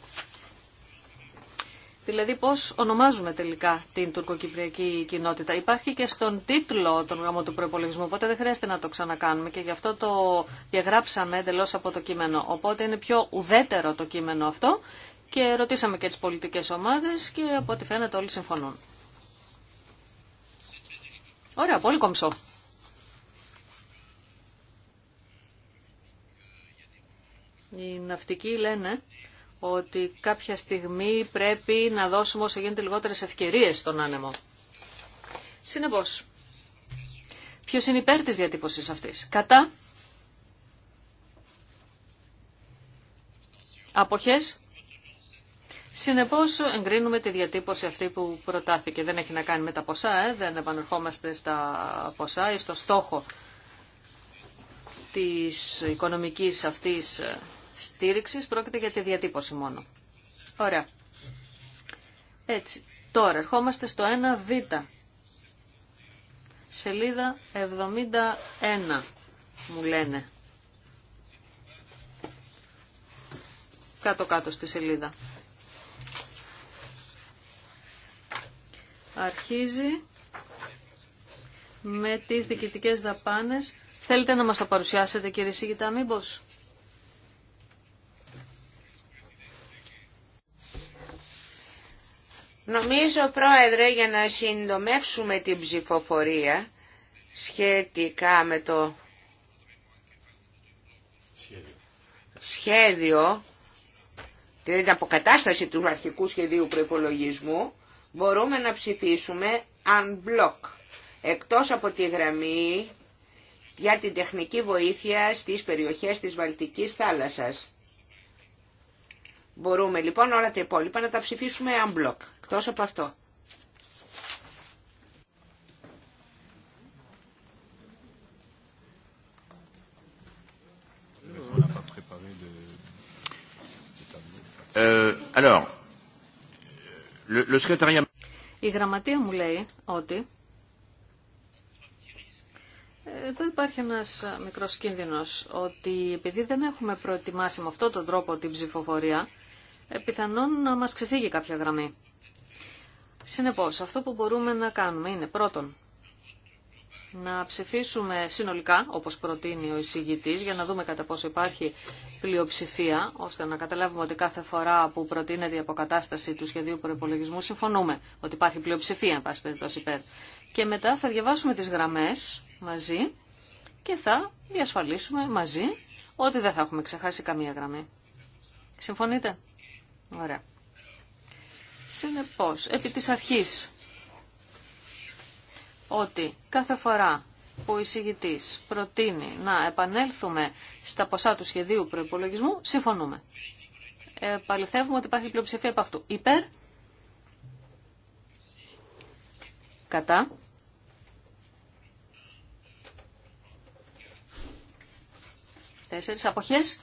δηλαδή πώς ονομάζουμε τελικά την τουρκοκυπριακή κοινότητα. Υπάρχει και στον τίτλο των γραμμών του προπολογισμού, οπότε δεν χρειάζεται να το ξανακάνουμε και γι' αυτό το διαγράψαμε εντελώ από το κείμενο. Οπότε είναι πιο ουδέτερο το κείμενο αυτό και ρωτήσαμε και τις πολιτικές ομάδες και από ό,τι φαίνεται όλοι συμφωνούν. Ωραία, πολύ κομψό. Οι ναυτικοί λένε ότι κάποια στιγμή πρέπει να δώσουμε όσο γίνεται λιγότερες ευκαιρίες στον άνεμο. Συνεπώς, ποιος είναι υπέρ της διατύπωση αυτής. Κατά αποχές. Συνεπώς εγκρίνουμε τη διατύπωση αυτή που προτάθηκε. Δεν έχει να κάνει με τα ποσά, ε, δεν επανερχόμαστε στα ποσά ή στο στόχο της οικονομικής αυτής ε, στήριξης, πρόκειται για τη διατύπωση μόνο. Ωραία. Έτσι. Τώρα ερχόμαστε στο 1β. Σελίδα 71 μου λένε. Κάτω-κάτω στη σελίδα. Αρχίζει με τις διοικητικές δαπάνες. Θέλετε να μας τα παρουσιάσετε κύριε Σίγητα μήπως. Νομίζω, Πρόεδρε, για να συντομεύσουμε την ψηφοφορία σχετικά με το σχέδιο, σχέδιο δηλαδή την αποκατάσταση του αρχικού σχεδίου προπολογισμού, μπορούμε να ψηφίσουμε unblock, εκτός από τη γραμμή για την τεχνική βοήθεια στις περιοχές της Βαλτικής θάλασσας. Μπορούμε λοιπόν όλα τα υπόλοιπα να τα ψηφίσουμε unblock, εκτός από αυτό. Ε, Η γραμματεία μου λέει ότι ε, εδώ υπάρχει ένας μικρός κίνδυνος ότι επειδή δεν έχουμε προετοιμάσει με αυτόν τον τρόπο την ψηφοφορία πιθανόν να μας ξεφύγει κάποια γραμμή. Συνεπώς, αυτό που μπορούμε να κάνουμε είναι πρώτον να ψηφίσουμε συνολικά, όπως προτείνει ο εισηγητής, για να δούμε κατά πόσο υπάρχει πλειοψηφία, ώστε να καταλάβουμε ότι κάθε φορά που προτείνεται η αποκατάσταση του σχεδίου προπολογισμού συμφωνούμε ότι υπάρχει πλειοψηφία, εν πάση περιπτώσει, υπέρ. Και μετά θα διαβάσουμε τις γραμμές μαζί και θα διασφαλίσουμε μαζί ότι δεν θα έχουμε ξεχάσει καμία γραμμή. Συμφωνείτε? Ωραία. Συνεπώς, επί της αρχής, ότι κάθε φορά που ο εισηγητής προτείνει να επανέλθουμε στα ποσά του σχεδίου προϋπολογισμού, συμφωνούμε. Επαληθεύουμε ότι υπάρχει πλειοψηφία από αυτού. Υπέρ. Κατά. Τέσσερις αποχές.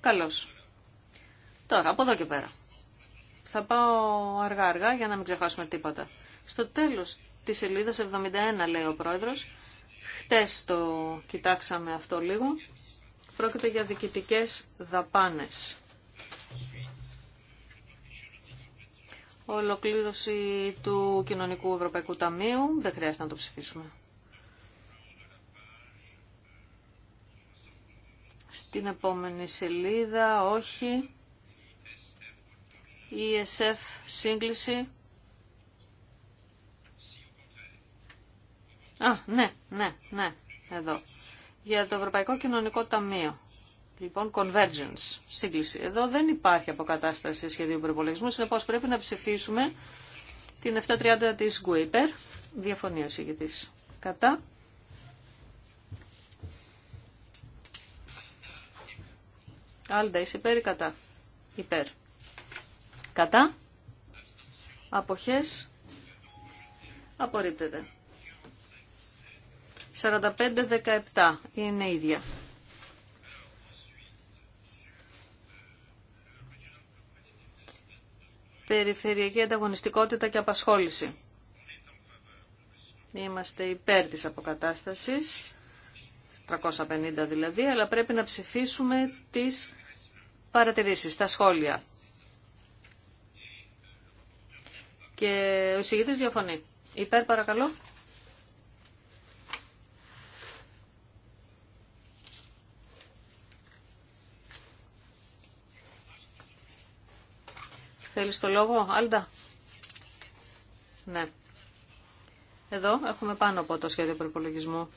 Καλώς. Τώρα, από εδώ και πέρα. Θα πάω αργά-αργά για να μην ξεχάσουμε τίποτα. Στο τέλος της σελίδα 71, λέει ο πρόεδρος, χτες το κοιτάξαμε αυτό λίγο, πρόκειται για διοικητικές δαπάνες. Ολοκλήρωση του Κοινωνικού Ευρωπαϊκού Ταμείου, δεν χρειάζεται να το ψηφίσουμε. Στην επόμενη σελίδα, όχι. ESF σύγκληση. Α, ναι, ναι, ναι, εδώ. Για το Ευρωπαϊκό Κοινωνικό Ταμείο. Λοιπόν, convergence, σύγκληση. Εδώ δεν υπάρχει αποκατάσταση σχεδίου προπολογισμού, συνεπώ πρέπει να ψηφίσουμε την 730 της Γκουίπερ. Διαφωνεί ο συγκεκριτής. Κατά. Άλντα, είσαι υπέρ ή κατά. Υπέρ. Κατά. Αποχές. Απορρίπτεται. 45-17 είναι ίδια. Περιφερειακή ανταγωνιστικότητα και απασχόληση. Είμαστε υπέρ της αποκατάστασης, 350 δηλαδή, αλλά πρέπει να ψηφίσουμε τις παρατηρήσεις, τα σχόλια. Και ο εισηγητή διαφωνεί. Υπέρ παρακαλώ. Θέλεις το λόγο, Άλντα. Ναι. Εδώ έχουμε πάνω από το σχέδιο προπολογισμού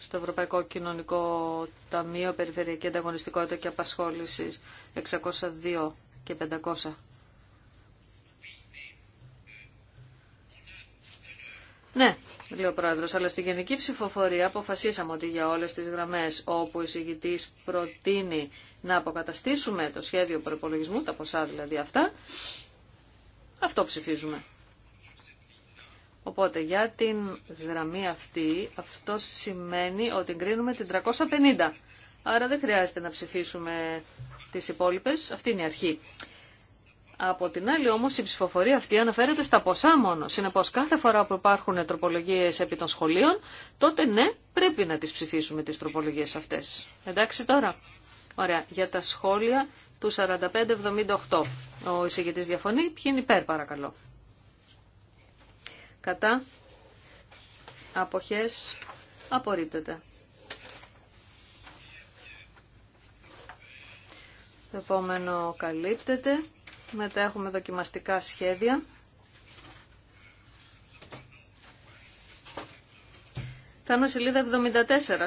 στο Ευρωπαϊκό Κοινωνικό Ταμείο Περιφερειακή Ανταγωνιστικότητα και Απασχόληση 602 και 500 Ναι, λέει ο πρόεδρος, αλλά στη γενική ψηφοφορία αποφασίσαμε ότι για όλες τις γραμμές όπου ο εισηγητής προτείνει να αποκαταστήσουμε το σχέδιο προπολογισμού, τα ποσά δηλαδή αυτά, αυτό ψηφίζουμε. Οπότε για την γραμμή αυτή, αυτό σημαίνει ότι κρίνουμε την 350. Άρα δεν χρειάζεται να ψηφίσουμε τις υπόλοιπες, αυτή είναι η αρχή. Από την άλλη όμως η ψηφοφορία αυτή αναφέρεται στα ποσά μόνο. Συνεπώς κάθε φορά που υπάρχουν τροπολογίε επί των σχολείων, τότε ναι, πρέπει να τις ψηφίσουμε τις τροπολογίε αυτές. Εντάξει τώρα. Ωραία. Για τα σχόλια του 4578. Ο εισηγητή διαφωνεί. Ποιοι είναι υπέρ παρακαλώ. Κατά. Αποχές. Απορρίπτεται. Το επόμενο καλύπτεται. Μετά έχουμε δοκιμαστικά σχέδια. Θα είναι σελίδα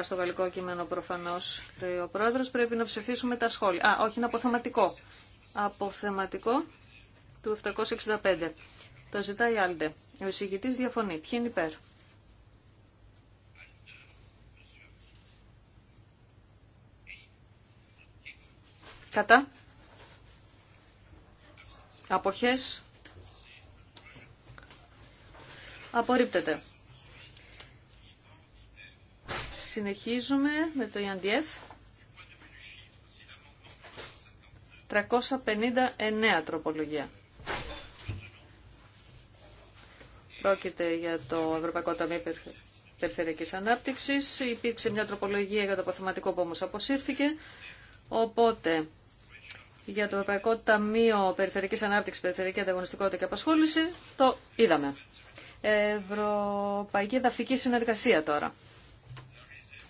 74 στο γαλλικό κείμενο προφανώς. ο πρόεδρος πρέπει να ψηφίσουμε τα σχόλια. Α, όχι, είναι αποθεματικό. Αποθεματικό του 765. Το ζητάει Άλντε. Ο εισηγητής διαφωνεί. Ποιοι είναι υπέρ. Κατά. Αποχές. Απορρίπτεται. Συνεχίζουμε με το Ιαντιέφ. 359 τροπολογία. Πρόκειται για το Ευρωπαϊκό Ταμείο Περιφερειακής Ανάπτυξης. Υπήρξε μια τροπολογία για το αποθεματικό που όμως αποσύρθηκε. Οπότε για το Ευρωπαϊκό Ταμείο Περιφερειακής Ανάπτυξη, Περιφερειακή Ανταγωνιστικότητα και Απασχόληση, το είδαμε. Ευρωπαϊκή Δαφική Συνεργασία τώρα.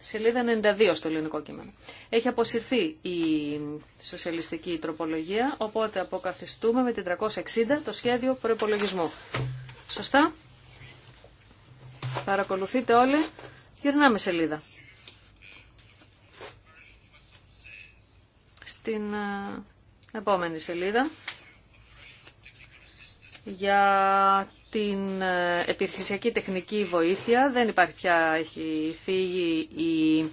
Σελίδα 92 στο ελληνικό κείμενο. Έχει αποσυρθεί η σοσιαλιστική τροπολογία, οπότε αποκαθιστούμε με την 360 το σχέδιο προπολογισμού. Σωστά. Παρακολουθείτε όλοι. Γυρνάμε σελίδα. Στην ε, Επόμενη σελίδα. Για την ε, επιχειρησιακή τεχνική βοήθεια δεν υπάρχει πια, έχει φύγει η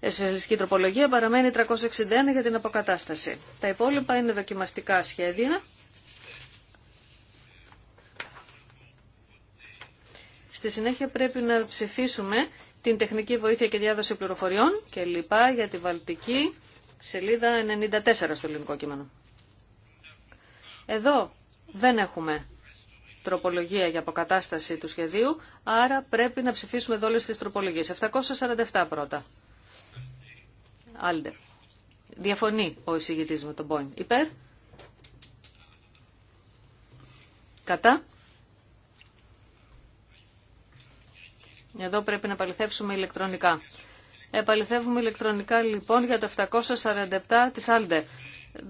εσωτερική τροπολογία, παραμένει 361 για την αποκατάσταση. Τα υπόλοιπα είναι δοκιμαστικά σχέδια. Στη συνέχεια πρέπει να ψηφίσουμε την τεχνική βοήθεια και διάδοση πληροφοριών και λοιπά για τη Βαλτική Σελίδα 94 στο ελληνικό κείμενο. Εδώ δεν έχουμε τροπολογία για αποκατάσταση του σχεδίου, άρα πρέπει να ψηφίσουμε εδώ όλες τις τροπολογίες. 747 πρώτα. Άλντε. Διαφωνεί ο εισηγητής με τον Μπόιν. Υπέρ. Κατά. Εδώ πρέπει να παληθεύσουμε ηλεκτρονικά. Επαληθεύουμε ηλεκτρονικά λοιπόν για το 747 της Άλντε.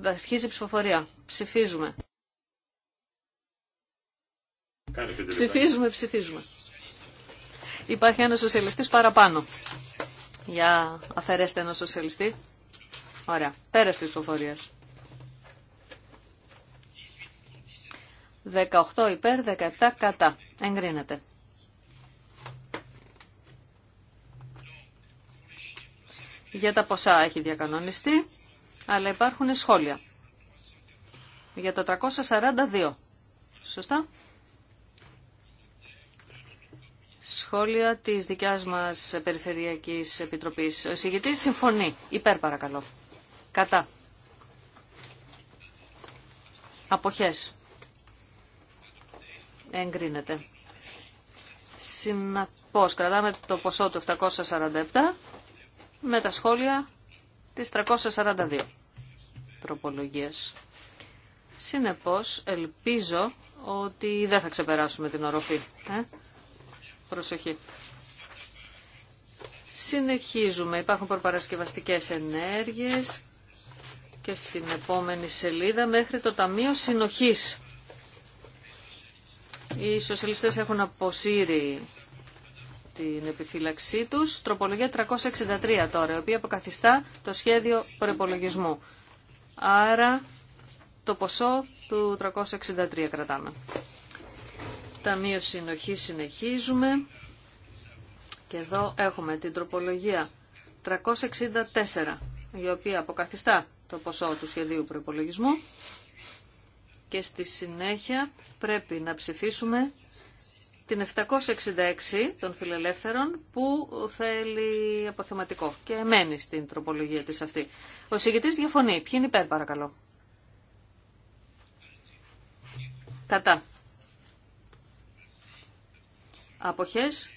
Αρχίζει η ψηφοφορία. Ψηφίζουμε. Ψηφίζουμε, ψηφίζουμε. Υπάρχει ένας σοσιαλιστής παραπάνω. Για αφαιρέστε ένα σοσιαλιστή. Ωραία. Πέρα τη ψηφοφορία. 18 υπέρ, 17 κατά. Εγκρίνεται. Για τα ποσά έχει διακανονιστεί, αλλά υπάρχουν σχόλια. Για το 342. Σωστά. Σχόλια της δικιάς μας Περιφερειακής Επιτροπής. Ο εισηγητής συμφωνεί. Υπέρ παρακαλώ. Κατά. Αποχές. Εγκρίνεται. Συναπώς. κρατάμε το ποσό του 747 με τα σχόλια της 342 τροπολογίας. Συνεπώς, ελπίζω ότι δεν θα ξεπεράσουμε την οροφή. Ε? Προσοχή. Συνεχίζουμε. Υπάρχουν προπαρασκευαστικές ενέργειες και στην επόμενη σελίδα μέχρι το Ταμείο Συνοχής. Οι σοσιαλιστές έχουν αποσύρει την επιφύλαξή του. Τροπολογία 363 τώρα, η οποία αποκαθιστά το σχέδιο προπολογισμού. Άρα το ποσό του 363 κρατάμε. Ταμείο συνοχή συνεχίζουμε. Και εδώ έχουμε την τροπολογία 364, η οποία αποκαθιστά το ποσό του σχεδίου προπολογισμού. Και στη συνέχεια πρέπει να ψηφίσουμε την 766 των φιλελεύθερων που θέλει αποθεματικό και μένει στην τροπολογία της αυτή. Ο εισηγητής διαφωνεί. Ποιοι είναι υπέρ παρακαλώ. Κατά. Αποχές.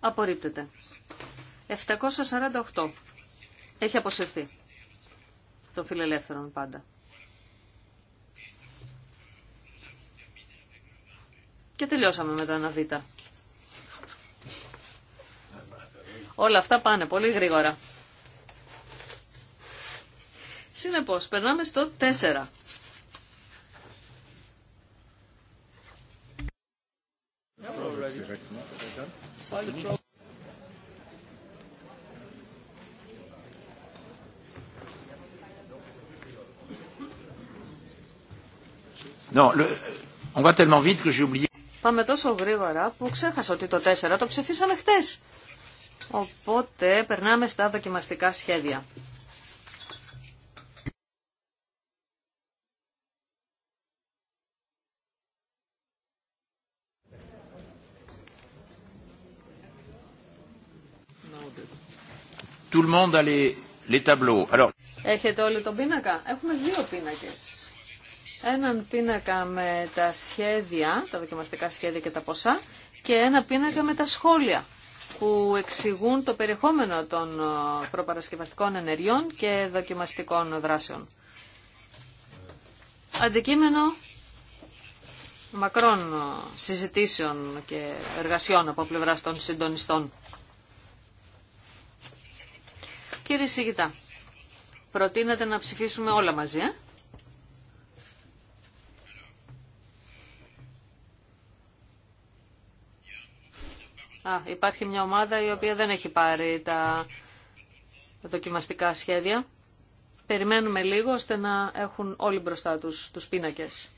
Απορρίπτεται. 748. Έχει αποσυρθεί. Των φιλελεύθερων πάντα. Και τελειώσαμε με το αναβήτα. Όλα αυτά πάνε πολύ γρήγορα. Συνεπώς, περνάμε στο 4. Non, le... on va tellement vite que j'ai oublié. Πάμε τόσο γρήγορα που ξέχασα ότι το 4 το ψηφίσαμε χτες. Οπότε περνάμε στα δοκιμαστικά σχέδια. Tout le monde a les, les tableaux. Alors... Έχετε όλοι τον πίνακα. Έχουμε δύο πίνακες έναν πίνακα με τα σχέδια, τα δοκιμαστικά σχέδια και τα ποσά και ένα πίνακα με τα σχόλια που εξηγούν το περιεχόμενο των ε, προπαρασκευαστικών ενεργειών και δοκιμαστικών δράσεων. Αντικείμενο μακρών ε, συζητήσεων και εργασιών από πλευρά των συντονιστών. Κύριε Σιγητά, προτείνατε να ψηφίσουμε όλα μαζί, ε? υπάρχει μια ομάδα η οποία δεν έχει πάρει τα δοκιμαστικά σχέδια. Περιμένουμε λίγο ώστε να έχουν όλοι μπροστά τους τους πίνακες.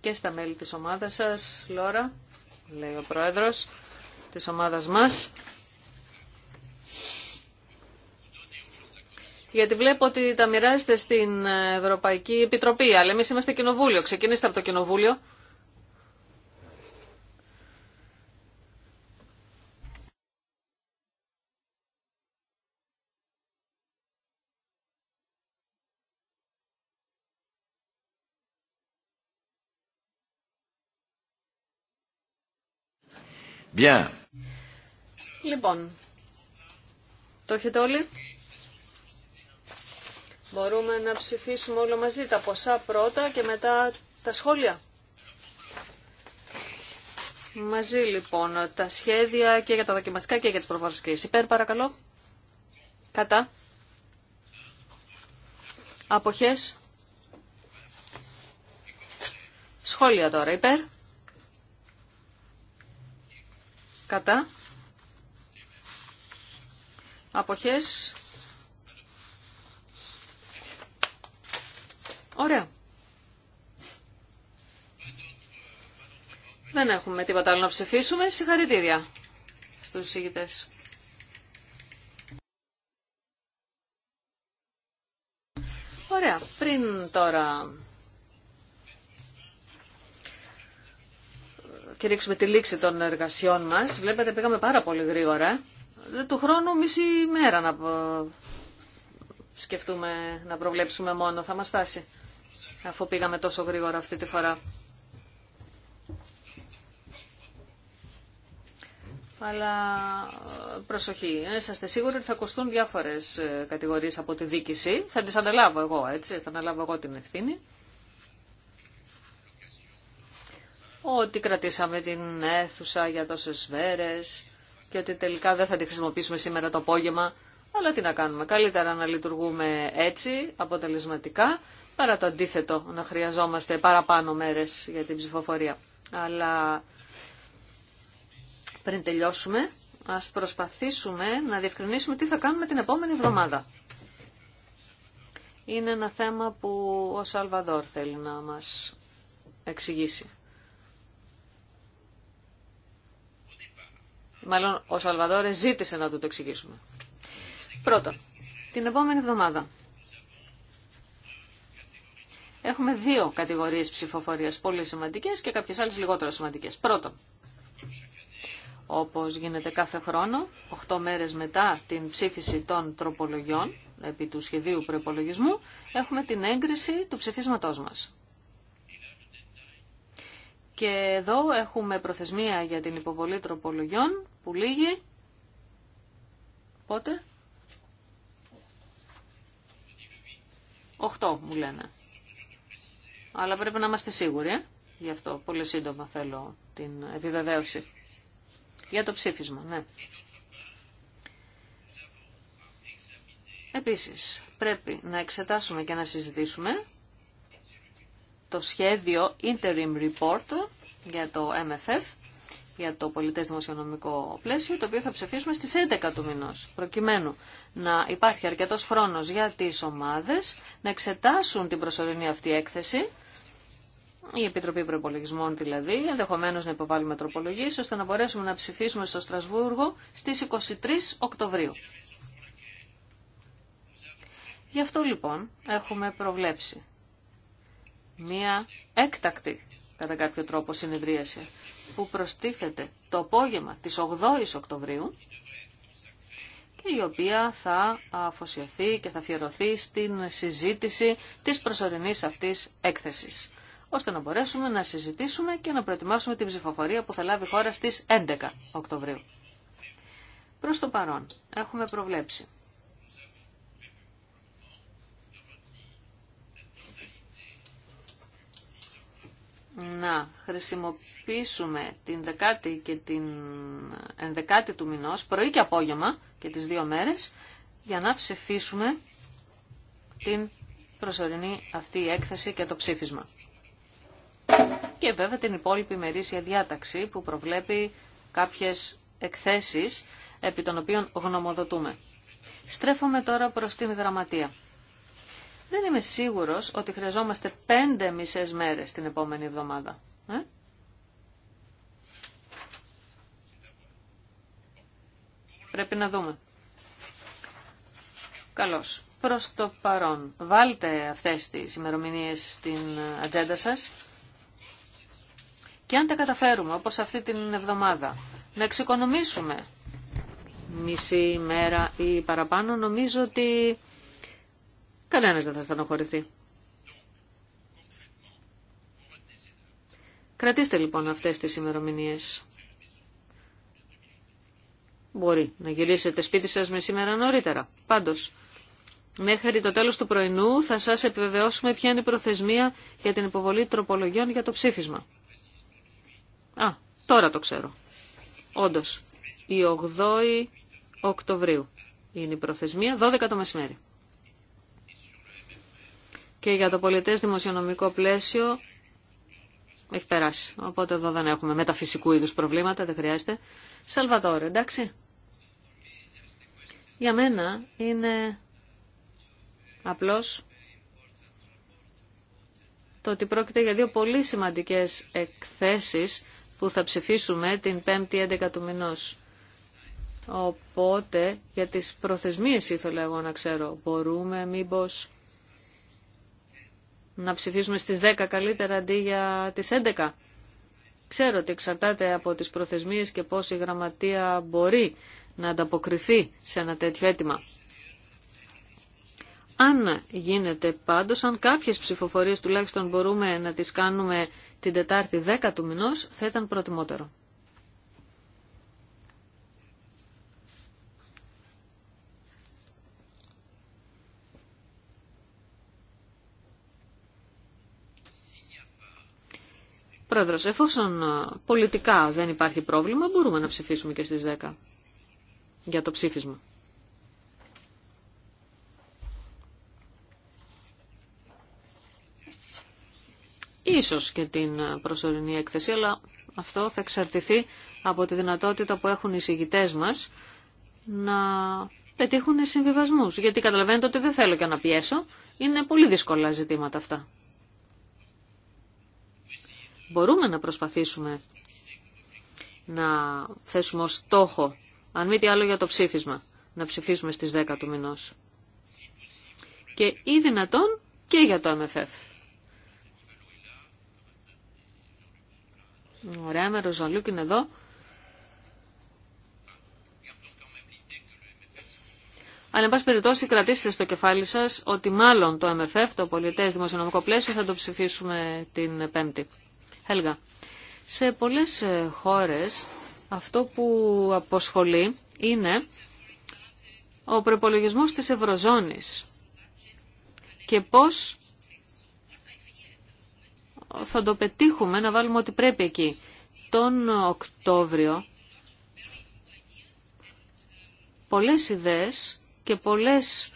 Και στα μέλη της ομάδας σας, Λόρα, λέει ο πρόεδρος της ομάδας μας. Γιατί βλέπω ότι τα μοιράζετε στην Ευρωπαϊκή Επιτροπή, αλλά εμείς είμαστε κοινοβούλιο. Ξεκινήστε από το κοινοβούλιο. Bien. Λοιπόν, το έχετε όλοι. Μπορούμε να ψηφίσουμε όλο μαζί τα ποσά πρώτα και μετά τα σχόλια. Μαζί λοιπόν τα σχέδια και για τα δοκιμαστικά και για τις προβάσεις Υπέρ παρακαλώ. Κατά. Αποχές. Σχόλια τώρα υπέρ. Κατά. Αποχές. Ωραία. Δεν έχουμε τίποτα άλλο να ψηφίσουμε. Συγχαρητήρια στους εισηγητές. Ωραία. Πριν τώρα κηρύξουμε τη λήξη των εργασιών μας. Βλέπετε πήγαμε πάρα πολύ γρήγορα. Του χρόνου μισή μέρα να σκεφτούμε να προβλέψουμε μόνο. Θα μας φτάσει αφού πήγαμε τόσο γρήγορα αυτή τη φορά. Αλλά προσοχή, ε, είσαστε σίγουροι ότι θα κοστούν διάφορες ε, κατηγορίες από τη δίκηση. Θα τις αναλάβω εγώ, έτσι, θα αναλάβω εγώ την ευθύνη. ότι κρατήσαμε την αίθουσα για τόσες μέρες και ότι τελικά δεν θα τη χρησιμοποιήσουμε σήμερα το απόγευμα. Αλλά τι να κάνουμε, καλύτερα να λειτουργούμε έτσι, αποτελεσματικά, παρά το αντίθετο, να χρειαζόμαστε παραπάνω μέρες για την ψηφοφορία. Αλλά πριν τελειώσουμε, ας προσπαθήσουμε να διευκρινίσουμε τι θα κάνουμε την επόμενη εβδομάδα. Είναι ένα θέμα που ο Σαλβαδόρ θέλει να μας εξηγήσει. Μάλλον ο Σαλβαδόρε ζήτησε να του το εξηγήσουμε. Πρώτον, την επόμενη εβδομάδα έχουμε δύο κατηγορίες ψηφοφορίας πολύ σημαντικές και κάποιες άλλες λιγότερο σημαντικές. Πρώτον, όπως γίνεται κάθε χρόνο, 8 μέρες μετά την ψήφιση των τροπολογιών επί του σχεδίου προπολογισμού, έχουμε την έγκριση του ψηφίσματός μας. Και εδώ έχουμε προθεσμία για την υποβολή τροπολογιών που λύγει. Πότε? 8 μου λένε. Αλλά πρέπει να είμαστε σίγουροι. Ε? Γι' αυτό πολύ σύντομα θέλω την επιβεβαίωση. Για το ψήφισμα, ναι. Επίσης, πρέπει να εξετάσουμε και να συζητήσουμε το σχέδιο Interim Report για το MFF, για το πολιτές δημοσιονομικό πλαίσιο, το οποίο θα ψηφίσουμε στις 11 του μηνός, προκειμένου να υπάρχει αρκετός χρόνος για τις ομάδες να εξετάσουν την προσωρινή αυτή έκθεση, η Επιτροπή Προπολογισμών δηλαδή, ενδεχομένω να υποβάλουμε τροπολογίε, ώστε να μπορέσουμε να ψηφίσουμε στο Στρασβούργο στις 23 Οκτωβρίου. Γι' αυτό λοιπόν έχουμε προβλέψει μία έκτακτη κατά κάποιο τρόπο συνεδρίαση που προστίθεται το απόγευμα της 8ης Οκτωβρίου και η οποία θα αφοσιωθεί και θα αφιερωθεί στην συζήτηση της προσωρινής αυτής έκθεσης ώστε να μπορέσουμε να συζητήσουμε και να προετοιμάσουμε την ψηφοφορία που θα λάβει η χώρα στις 11 Οκτωβρίου. Προς το παρόν, έχουμε προβλέψει να χρησιμοποιήσουμε την δεκάτη και την ενδεκάτη του μηνός, πρωί και απόγευμα και τις δύο μέρες, για να ψηφίσουμε την προσωρινή αυτή έκθεση και το ψήφισμα. Και βέβαια την υπόλοιπη μερίσια διάταξη που προβλέπει κάποιες εκθέσεις επί των οποίων γνωμοδοτούμε. Στρέφομαι τώρα προς την γραμματεία δεν είμαι σίγουρος ότι χρειαζόμαστε πέντε μισές μέρες την επόμενη εβδομάδα. Ε? Πρέπει να δούμε. Καλώς. Προς το παρόν, βάλτε αυτές τις ημερομηνίες στην ατζέντα σας και αν τα καταφέρουμε, όπως αυτή την εβδομάδα, να εξοικονομήσουμε μισή μέρα ή παραπάνω, νομίζω ότι κανένας δεν θα στενοχωρηθεί. Κρατήστε λοιπόν αυτές τις ημερομηνίε. Μπορεί να γυρίσετε σπίτι σας με σήμερα νωρίτερα. Πάντως, μέχρι το τέλος του πρωινού θα σας επιβεβαιώσουμε ποια είναι η προθεσμία για την υποβολή τροπολογιών για το ψήφισμα. Α, τώρα το ξέρω. Όντως, η 8η Οκτωβρίου είναι η προθεσμία, 12 το μεσημέρι και για το πολιτές δημοσιονομικό πλαίσιο έχει περάσει. Οπότε εδώ δεν έχουμε μεταφυσικού είδους προβλήματα, δεν χρειάζεται. Σαλβατόρε, εντάξει. Για μένα είναι απλώς το ότι πρόκειται για δύο πολύ σημαντικές εκθέσεις που θα ψηφίσουμε την 5η 11 του μηνός. Οπότε για τις προθεσμίες ήθελα εγώ να ξέρω. Μπορούμε μήπως να ψηφίσουμε στις 10 καλύτερα αντί για τις 11. Ξέρω ότι εξαρτάται από τις προθεσμίες και πώς η γραμματεία μπορεί να ανταποκριθεί σε ένα τέτοιο αίτημα. Αν γίνεται πάντως, αν κάποιες ψηφοφορίες τουλάχιστον μπορούμε να τις κάνουμε την Τετάρτη 10 του μηνός, θα ήταν προτιμότερο. Πρόεδρος, εφόσον ε, πολιτικά δεν υπάρχει πρόβλημα, μπορούμε να ψηφίσουμε και στις 10 για το ψήφισμα. Ίσως και την ε, προσωρινή έκθεση, αλλά αυτό θα εξαρτηθεί από τη δυνατότητα που έχουν οι συγητές μας να πετύχουν συμβιβασμούς. Γιατί καταλαβαίνετε ότι δεν θέλω και να πιέσω. Είναι πολύ δύσκολα ζητήματα αυτά μπορούμε να προσπαθήσουμε να θέσουμε ως στόχο, αν μη τι άλλο για το ψήφισμα, να ψηφίσουμε στις 10 του μηνός. Και ή δυνατόν και για το MFF. Ωραία, με Ροζαλούκ είναι εδώ. Αλλά, εν πάση περιπτώσει, κρατήστε στο κεφάλι σας ότι μάλλον το MFF, το πολιτές δημοσιονομικό πλαίσιο, θα το ψηφίσουμε την Πέμπτη. Έλγα, σε πολλές ε, χώρες αυτό που αποσχολεί είναι ο προπολογισμό της Ευρωζώνης και πώς θα το πετύχουμε να βάλουμε ό,τι πρέπει εκεί. Τον Οκτώβριο πολλές ιδέες και πολλές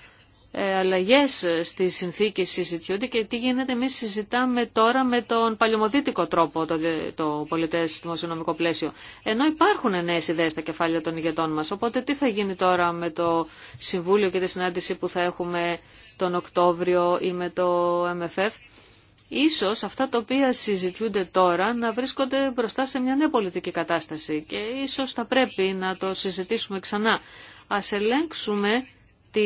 ε, αλλαγές στις συνθήκες συζητιούνται και τι γίνεται εμείς συζητάμε τώρα με τον παλιωμοδίτικο τρόπο το, το πολιτές δημοσιονομικό πλαίσιο. Ενώ υπάρχουν νέε ιδέες στα κεφάλια των ηγετών μας. Οπότε τι θα γίνει τώρα με το Συμβούλιο και τη συνάντηση που θα έχουμε τον Οκτώβριο ή με το MFF. Ίσως αυτά τα οποία συζητιούνται τώρα να βρίσκονται μπροστά σε μια νέα πολιτική κατάσταση και ίσως θα πρέπει να το συζητήσουμε ξανά. Ας ελέγξουμε τη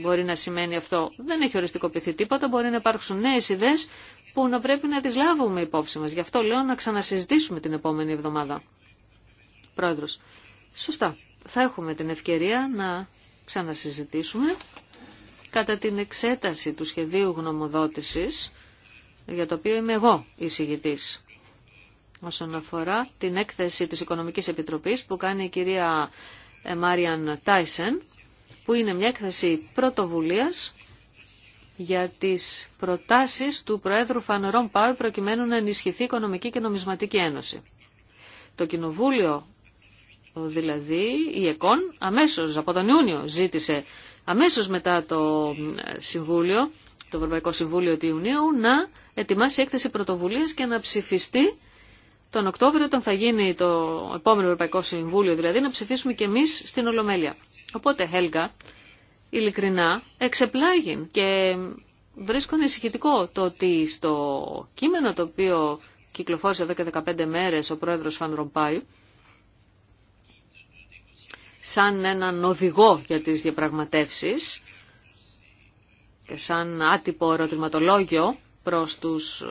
μπορεί να σημαίνει αυτό. Δεν έχει οριστικοποιηθεί τίποτα, μπορεί να υπάρξουν νέε ιδέες που να πρέπει να τι λάβουμε υπόψη μα. Γι' αυτό λέω να ξανασυζητήσουμε την επόμενη εβδομάδα. Πρόεδρος, σωστά, θα έχουμε την ευκαιρία να ξανασυζητήσουμε κατά την εξέταση του σχεδίου γνωμοδότησης, για το οποίο είμαι εγώ εισηγητής όσον αφορά την έκθεση της Οικονομικής Επιτροπής που κάνει η κυρία ε, Μάριαν Τάισεν που είναι μια έκθεση πρωτοβουλίας για τις προτάσεις του Προέδρου Φαν Πάου προκειμένου να ενισχυθεί Οικονομική και Νομισματική Ένωση. Το Κοινοβούλιο, δηλαδή η ΕΚΟΝ, αμέσως από τον Ιούνιο ζήτησε, αμέσως μετά το Συμβούλιο, το Ευρωπαϊκό Συμβούλιο του Ιουνίου, να ετοιμάσει έκθεση πρωτοβουλίας και να ψηφιστεί τον Οκτώβριο, όταν θα γίνει το επόμενο Ευρωπαϊκό Συμβούλιο, δηλαδή να ψηφίσουμε και εμεί στην Ολομέλεια. Οπότε, Χέλγα, ειλικρινά, εξεπλάγει και βρίσκω ανησυχητικό το ότι στο κείμενο το οποίο κυκλοφόρησε εδώ και 15 μέρες ο πρόεδρος Φαν Ρομπάι, σαν έναν οδηγό για τις διαπραγματεύσεις και σαν άτυπο ερωτηματολόγιο, προς τους ε,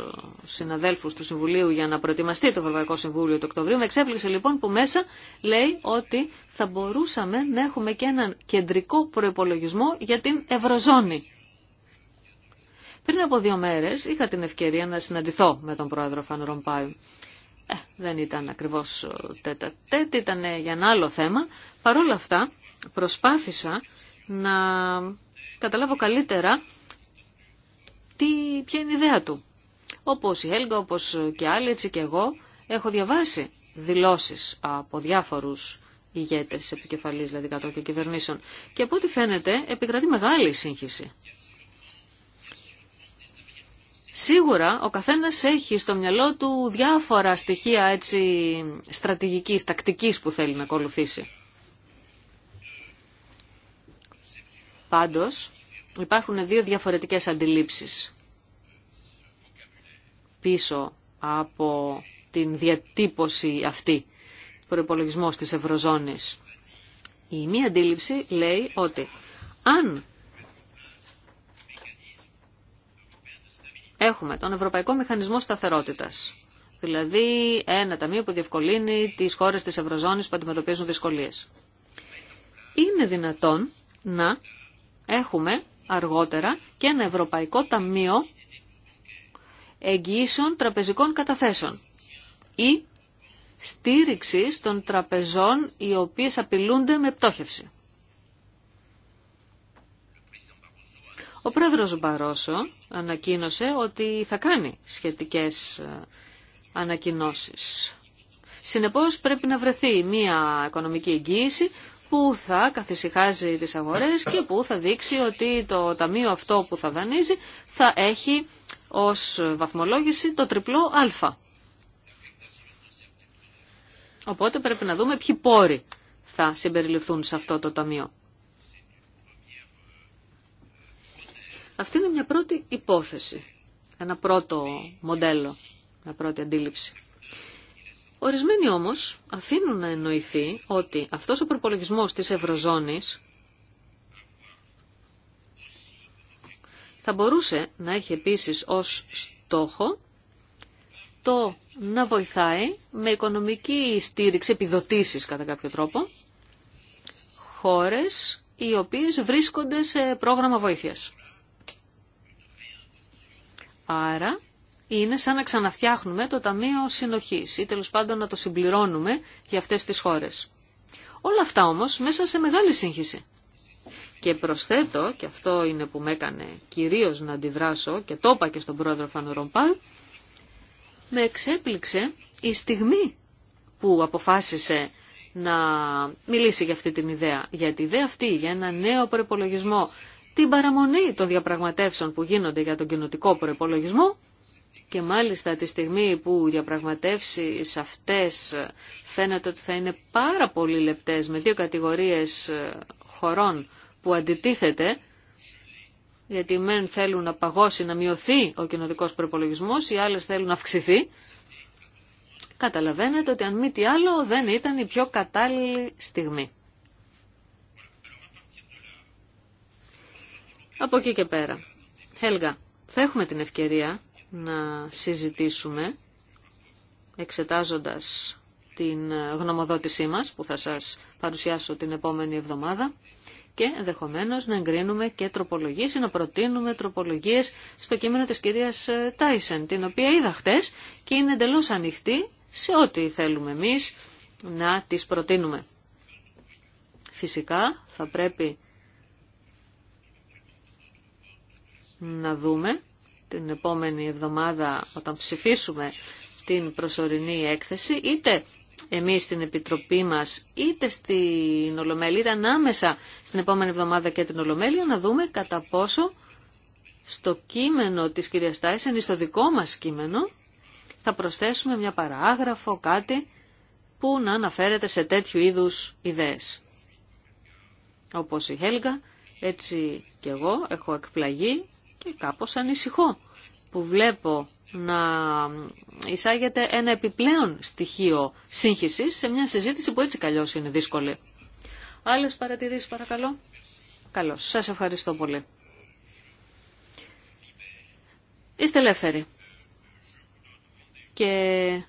συναδέλφους του Συμβουλίου για να προετοιμαστεί το Ευρωπαϊκό Συμβούλιο του Οκτωβρίου. Με εξέπληξε λοιπόν που μέσα λέει ότι θα μπορούσαμε να έχουμε και έναν κεντρικό προϋπολογισμό για την Ευρωζώνη. Πριν από δύο μέρες είχα την ευκαιρία να συναντηθώ με τον πρόεδρο Φαν Ρομπάιου. Ε, δεν ήταν ακριβώς ε, τέτα τέτ, ήταν για ένα άλλο θέμα. Παρ' όλα αυτά προσπάθησα να καταλάβω καλύτερα τι, ποια είναι η ιδέα του. Όπως η Έλγα, όπως και άλλοι, έτσι και εγώ, έχω διαβάσει δηλώσεις από διάφορους ηγέτες επικεφαλής, δηλαδή και κυβερνήσεων. Και από ό,τι φαίνεται επικρατεί μεγάλη σύγχυση. Σίγουρα ο καθένας έχει στο μυαλό του διάφορα στοιχεία έτσι, στρατηγικής, τακτικής που θέλει να ακολουθήσει. Πάντως, υπάρχουν δύο διαφορετικές αντιλήψεις πίσω από την διατύπωση αυτή προπολογισμό της Ευρωζώνης. Η μία αντίληψη λέει ότι αν έχουμε τον Ευρωπαϊκό Μηχανισμό Σταθερότητας, δηλαδή ένα ταμείο που διευκολύνει τις χώρες της Ευρωζώνης που αντιμετωπίζουν δυσκολίες, είναι δυνατόν να έχουμε αργότερα και ένα Ευρωπαϊκό Ταμείο Εγγυήσεων Τραπεζικών Καταθέσεων ή στήριξη των τραπεζών οι οποίες απειλούνται με πτώχευση. Ο πρόεδρος Μπαρόσο ανακοίνωσε ότι θα κάνει σχετικές ε, ανακοινώσεις. Συνεπώς πρέπει να βρεθεί μια οικονομική εγγύηση που θα καθησυχάζει τις αγορές και που θα δείξει ότι το ταμείο αυτό που θα δανείζει θα έχει ως βαθμολόγηση το τριπλό α. Οπότε πρέπει να δούμε ποιοι πόροι θα συμπεριληφθούν σε αυτό το ταμείο. Αυτή είναι μια πρώτη υπόθεση, ένα πρώτο μοντέλο, μια πρώτη αντίληψη. Ορισμένοι όμως αφήνουν να εννοηθεί ότι αυτός ο προπολογισμός της Ευρωζώνης θα μπορούσε να έχει επίσης ως στόχο το να βοηθάει με οικονομική στήριξη, επιδοτήσεις κατά κάποιο τρόπο, χώρες οι οποίες βρίσκονται σε πρόγραμμα βοήθειας. Άρα είναι σαν να ξαναφτιάχνουμε το Ταμείο Συνοχής ή τέλος πάντων να το συμπληρώνουμε για αυτές τις χώρες. Όλα αυτά όμως μέσα σε μεγάλη σύγχυση. Και προσθέτω, και αυτό είναι που με έκανε κυρίως να αντιδράσω και το είπα και στον πρόεδρο Φανορομπά, με εξέπληξε η στιγμή που αποφάσισε να μιλήσει για αυτή την ιδέα. Για την ιδέα αυτή, για ένα νέο προπολογισμό, την παραμονή των διαπραγματεύσεων που γίνονται για τον κοινοτικό προπολογισμό, και μάλιστα τη στιγμή που οι σε αυτές φαίνεται ότι θα είναι πάρα πολύ λεπτές με δύο κατηγορίες ε, χωρών που αντιτίθεται, γιατί μεν θέλουν να παγώσει, να μειωθεί ο κοινοτικός προπολογισμό, οι άλλες θέλουν να αυξηθεί, καταλαβαίνετε ότι αν μη τι άλλο δεν ήταν η πιο κατάλληλη στιγμή. Από εκεί και πέρα. Χέλγα, θα έχουμε την ευκαιρία να συζητήσουμε εξετάζοντας την γνωμοδότησή μας που θα σας παρουσιάσω την επόμενη εβδομάδα και ενδεχομένω να εγκρίνουμε και τροπολογίες ή να προτείνουμε τροπολογίες στο κείμενο της κυρίας ε, Τάισεν, την οποία είδα χτες και είναι εντελώ ανοιχτή σε ό,τι θέλουμε εμείς να τις προτείνουμε. Φυσικά θα πρέπει να δούμε την επόμενη εβδομάδα όταν ψηφίσουμε την προσωρινή έκθεση, είτε εμείς στην Επιτροπή μας, είτε στην ολομέλη, είτε ανάμεσα στην επόμενη εβδομάδα και την ολομέλη να δούμε κατά πόσο στο κείμενο της κυρίας Τάισεν ή στο δικό μας κείμενο θα προσθέσουμε μια παράγραφο, κάτι που να αναφέρεται σε τέτοιου είδους ιδέες. Όπως η Χέλγα, έτσι κι εγώ έχω εκπλαγεί και κάπως ανησυχώ που βλέπω να εισάγεται ένα επιπλέον στοιχείο σύγχυσης σε μια συζήτηση που έτσι καλώς είναι δύσκολη. Άλλες παρατηρήσεις παρακαλώ. Καλώς. Σας ευχαριστώ πολύ. Είστε ελεύθεροι. Και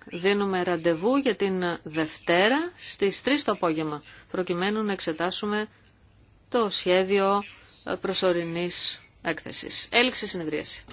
δίνουμε ραντεβού για την Δευτέρα στις 3 το απόγευμα, προκειμένου να εξετάσουμε το σχέδιο προσωρινής έκθεσης. Έληξη συνεδρίαση.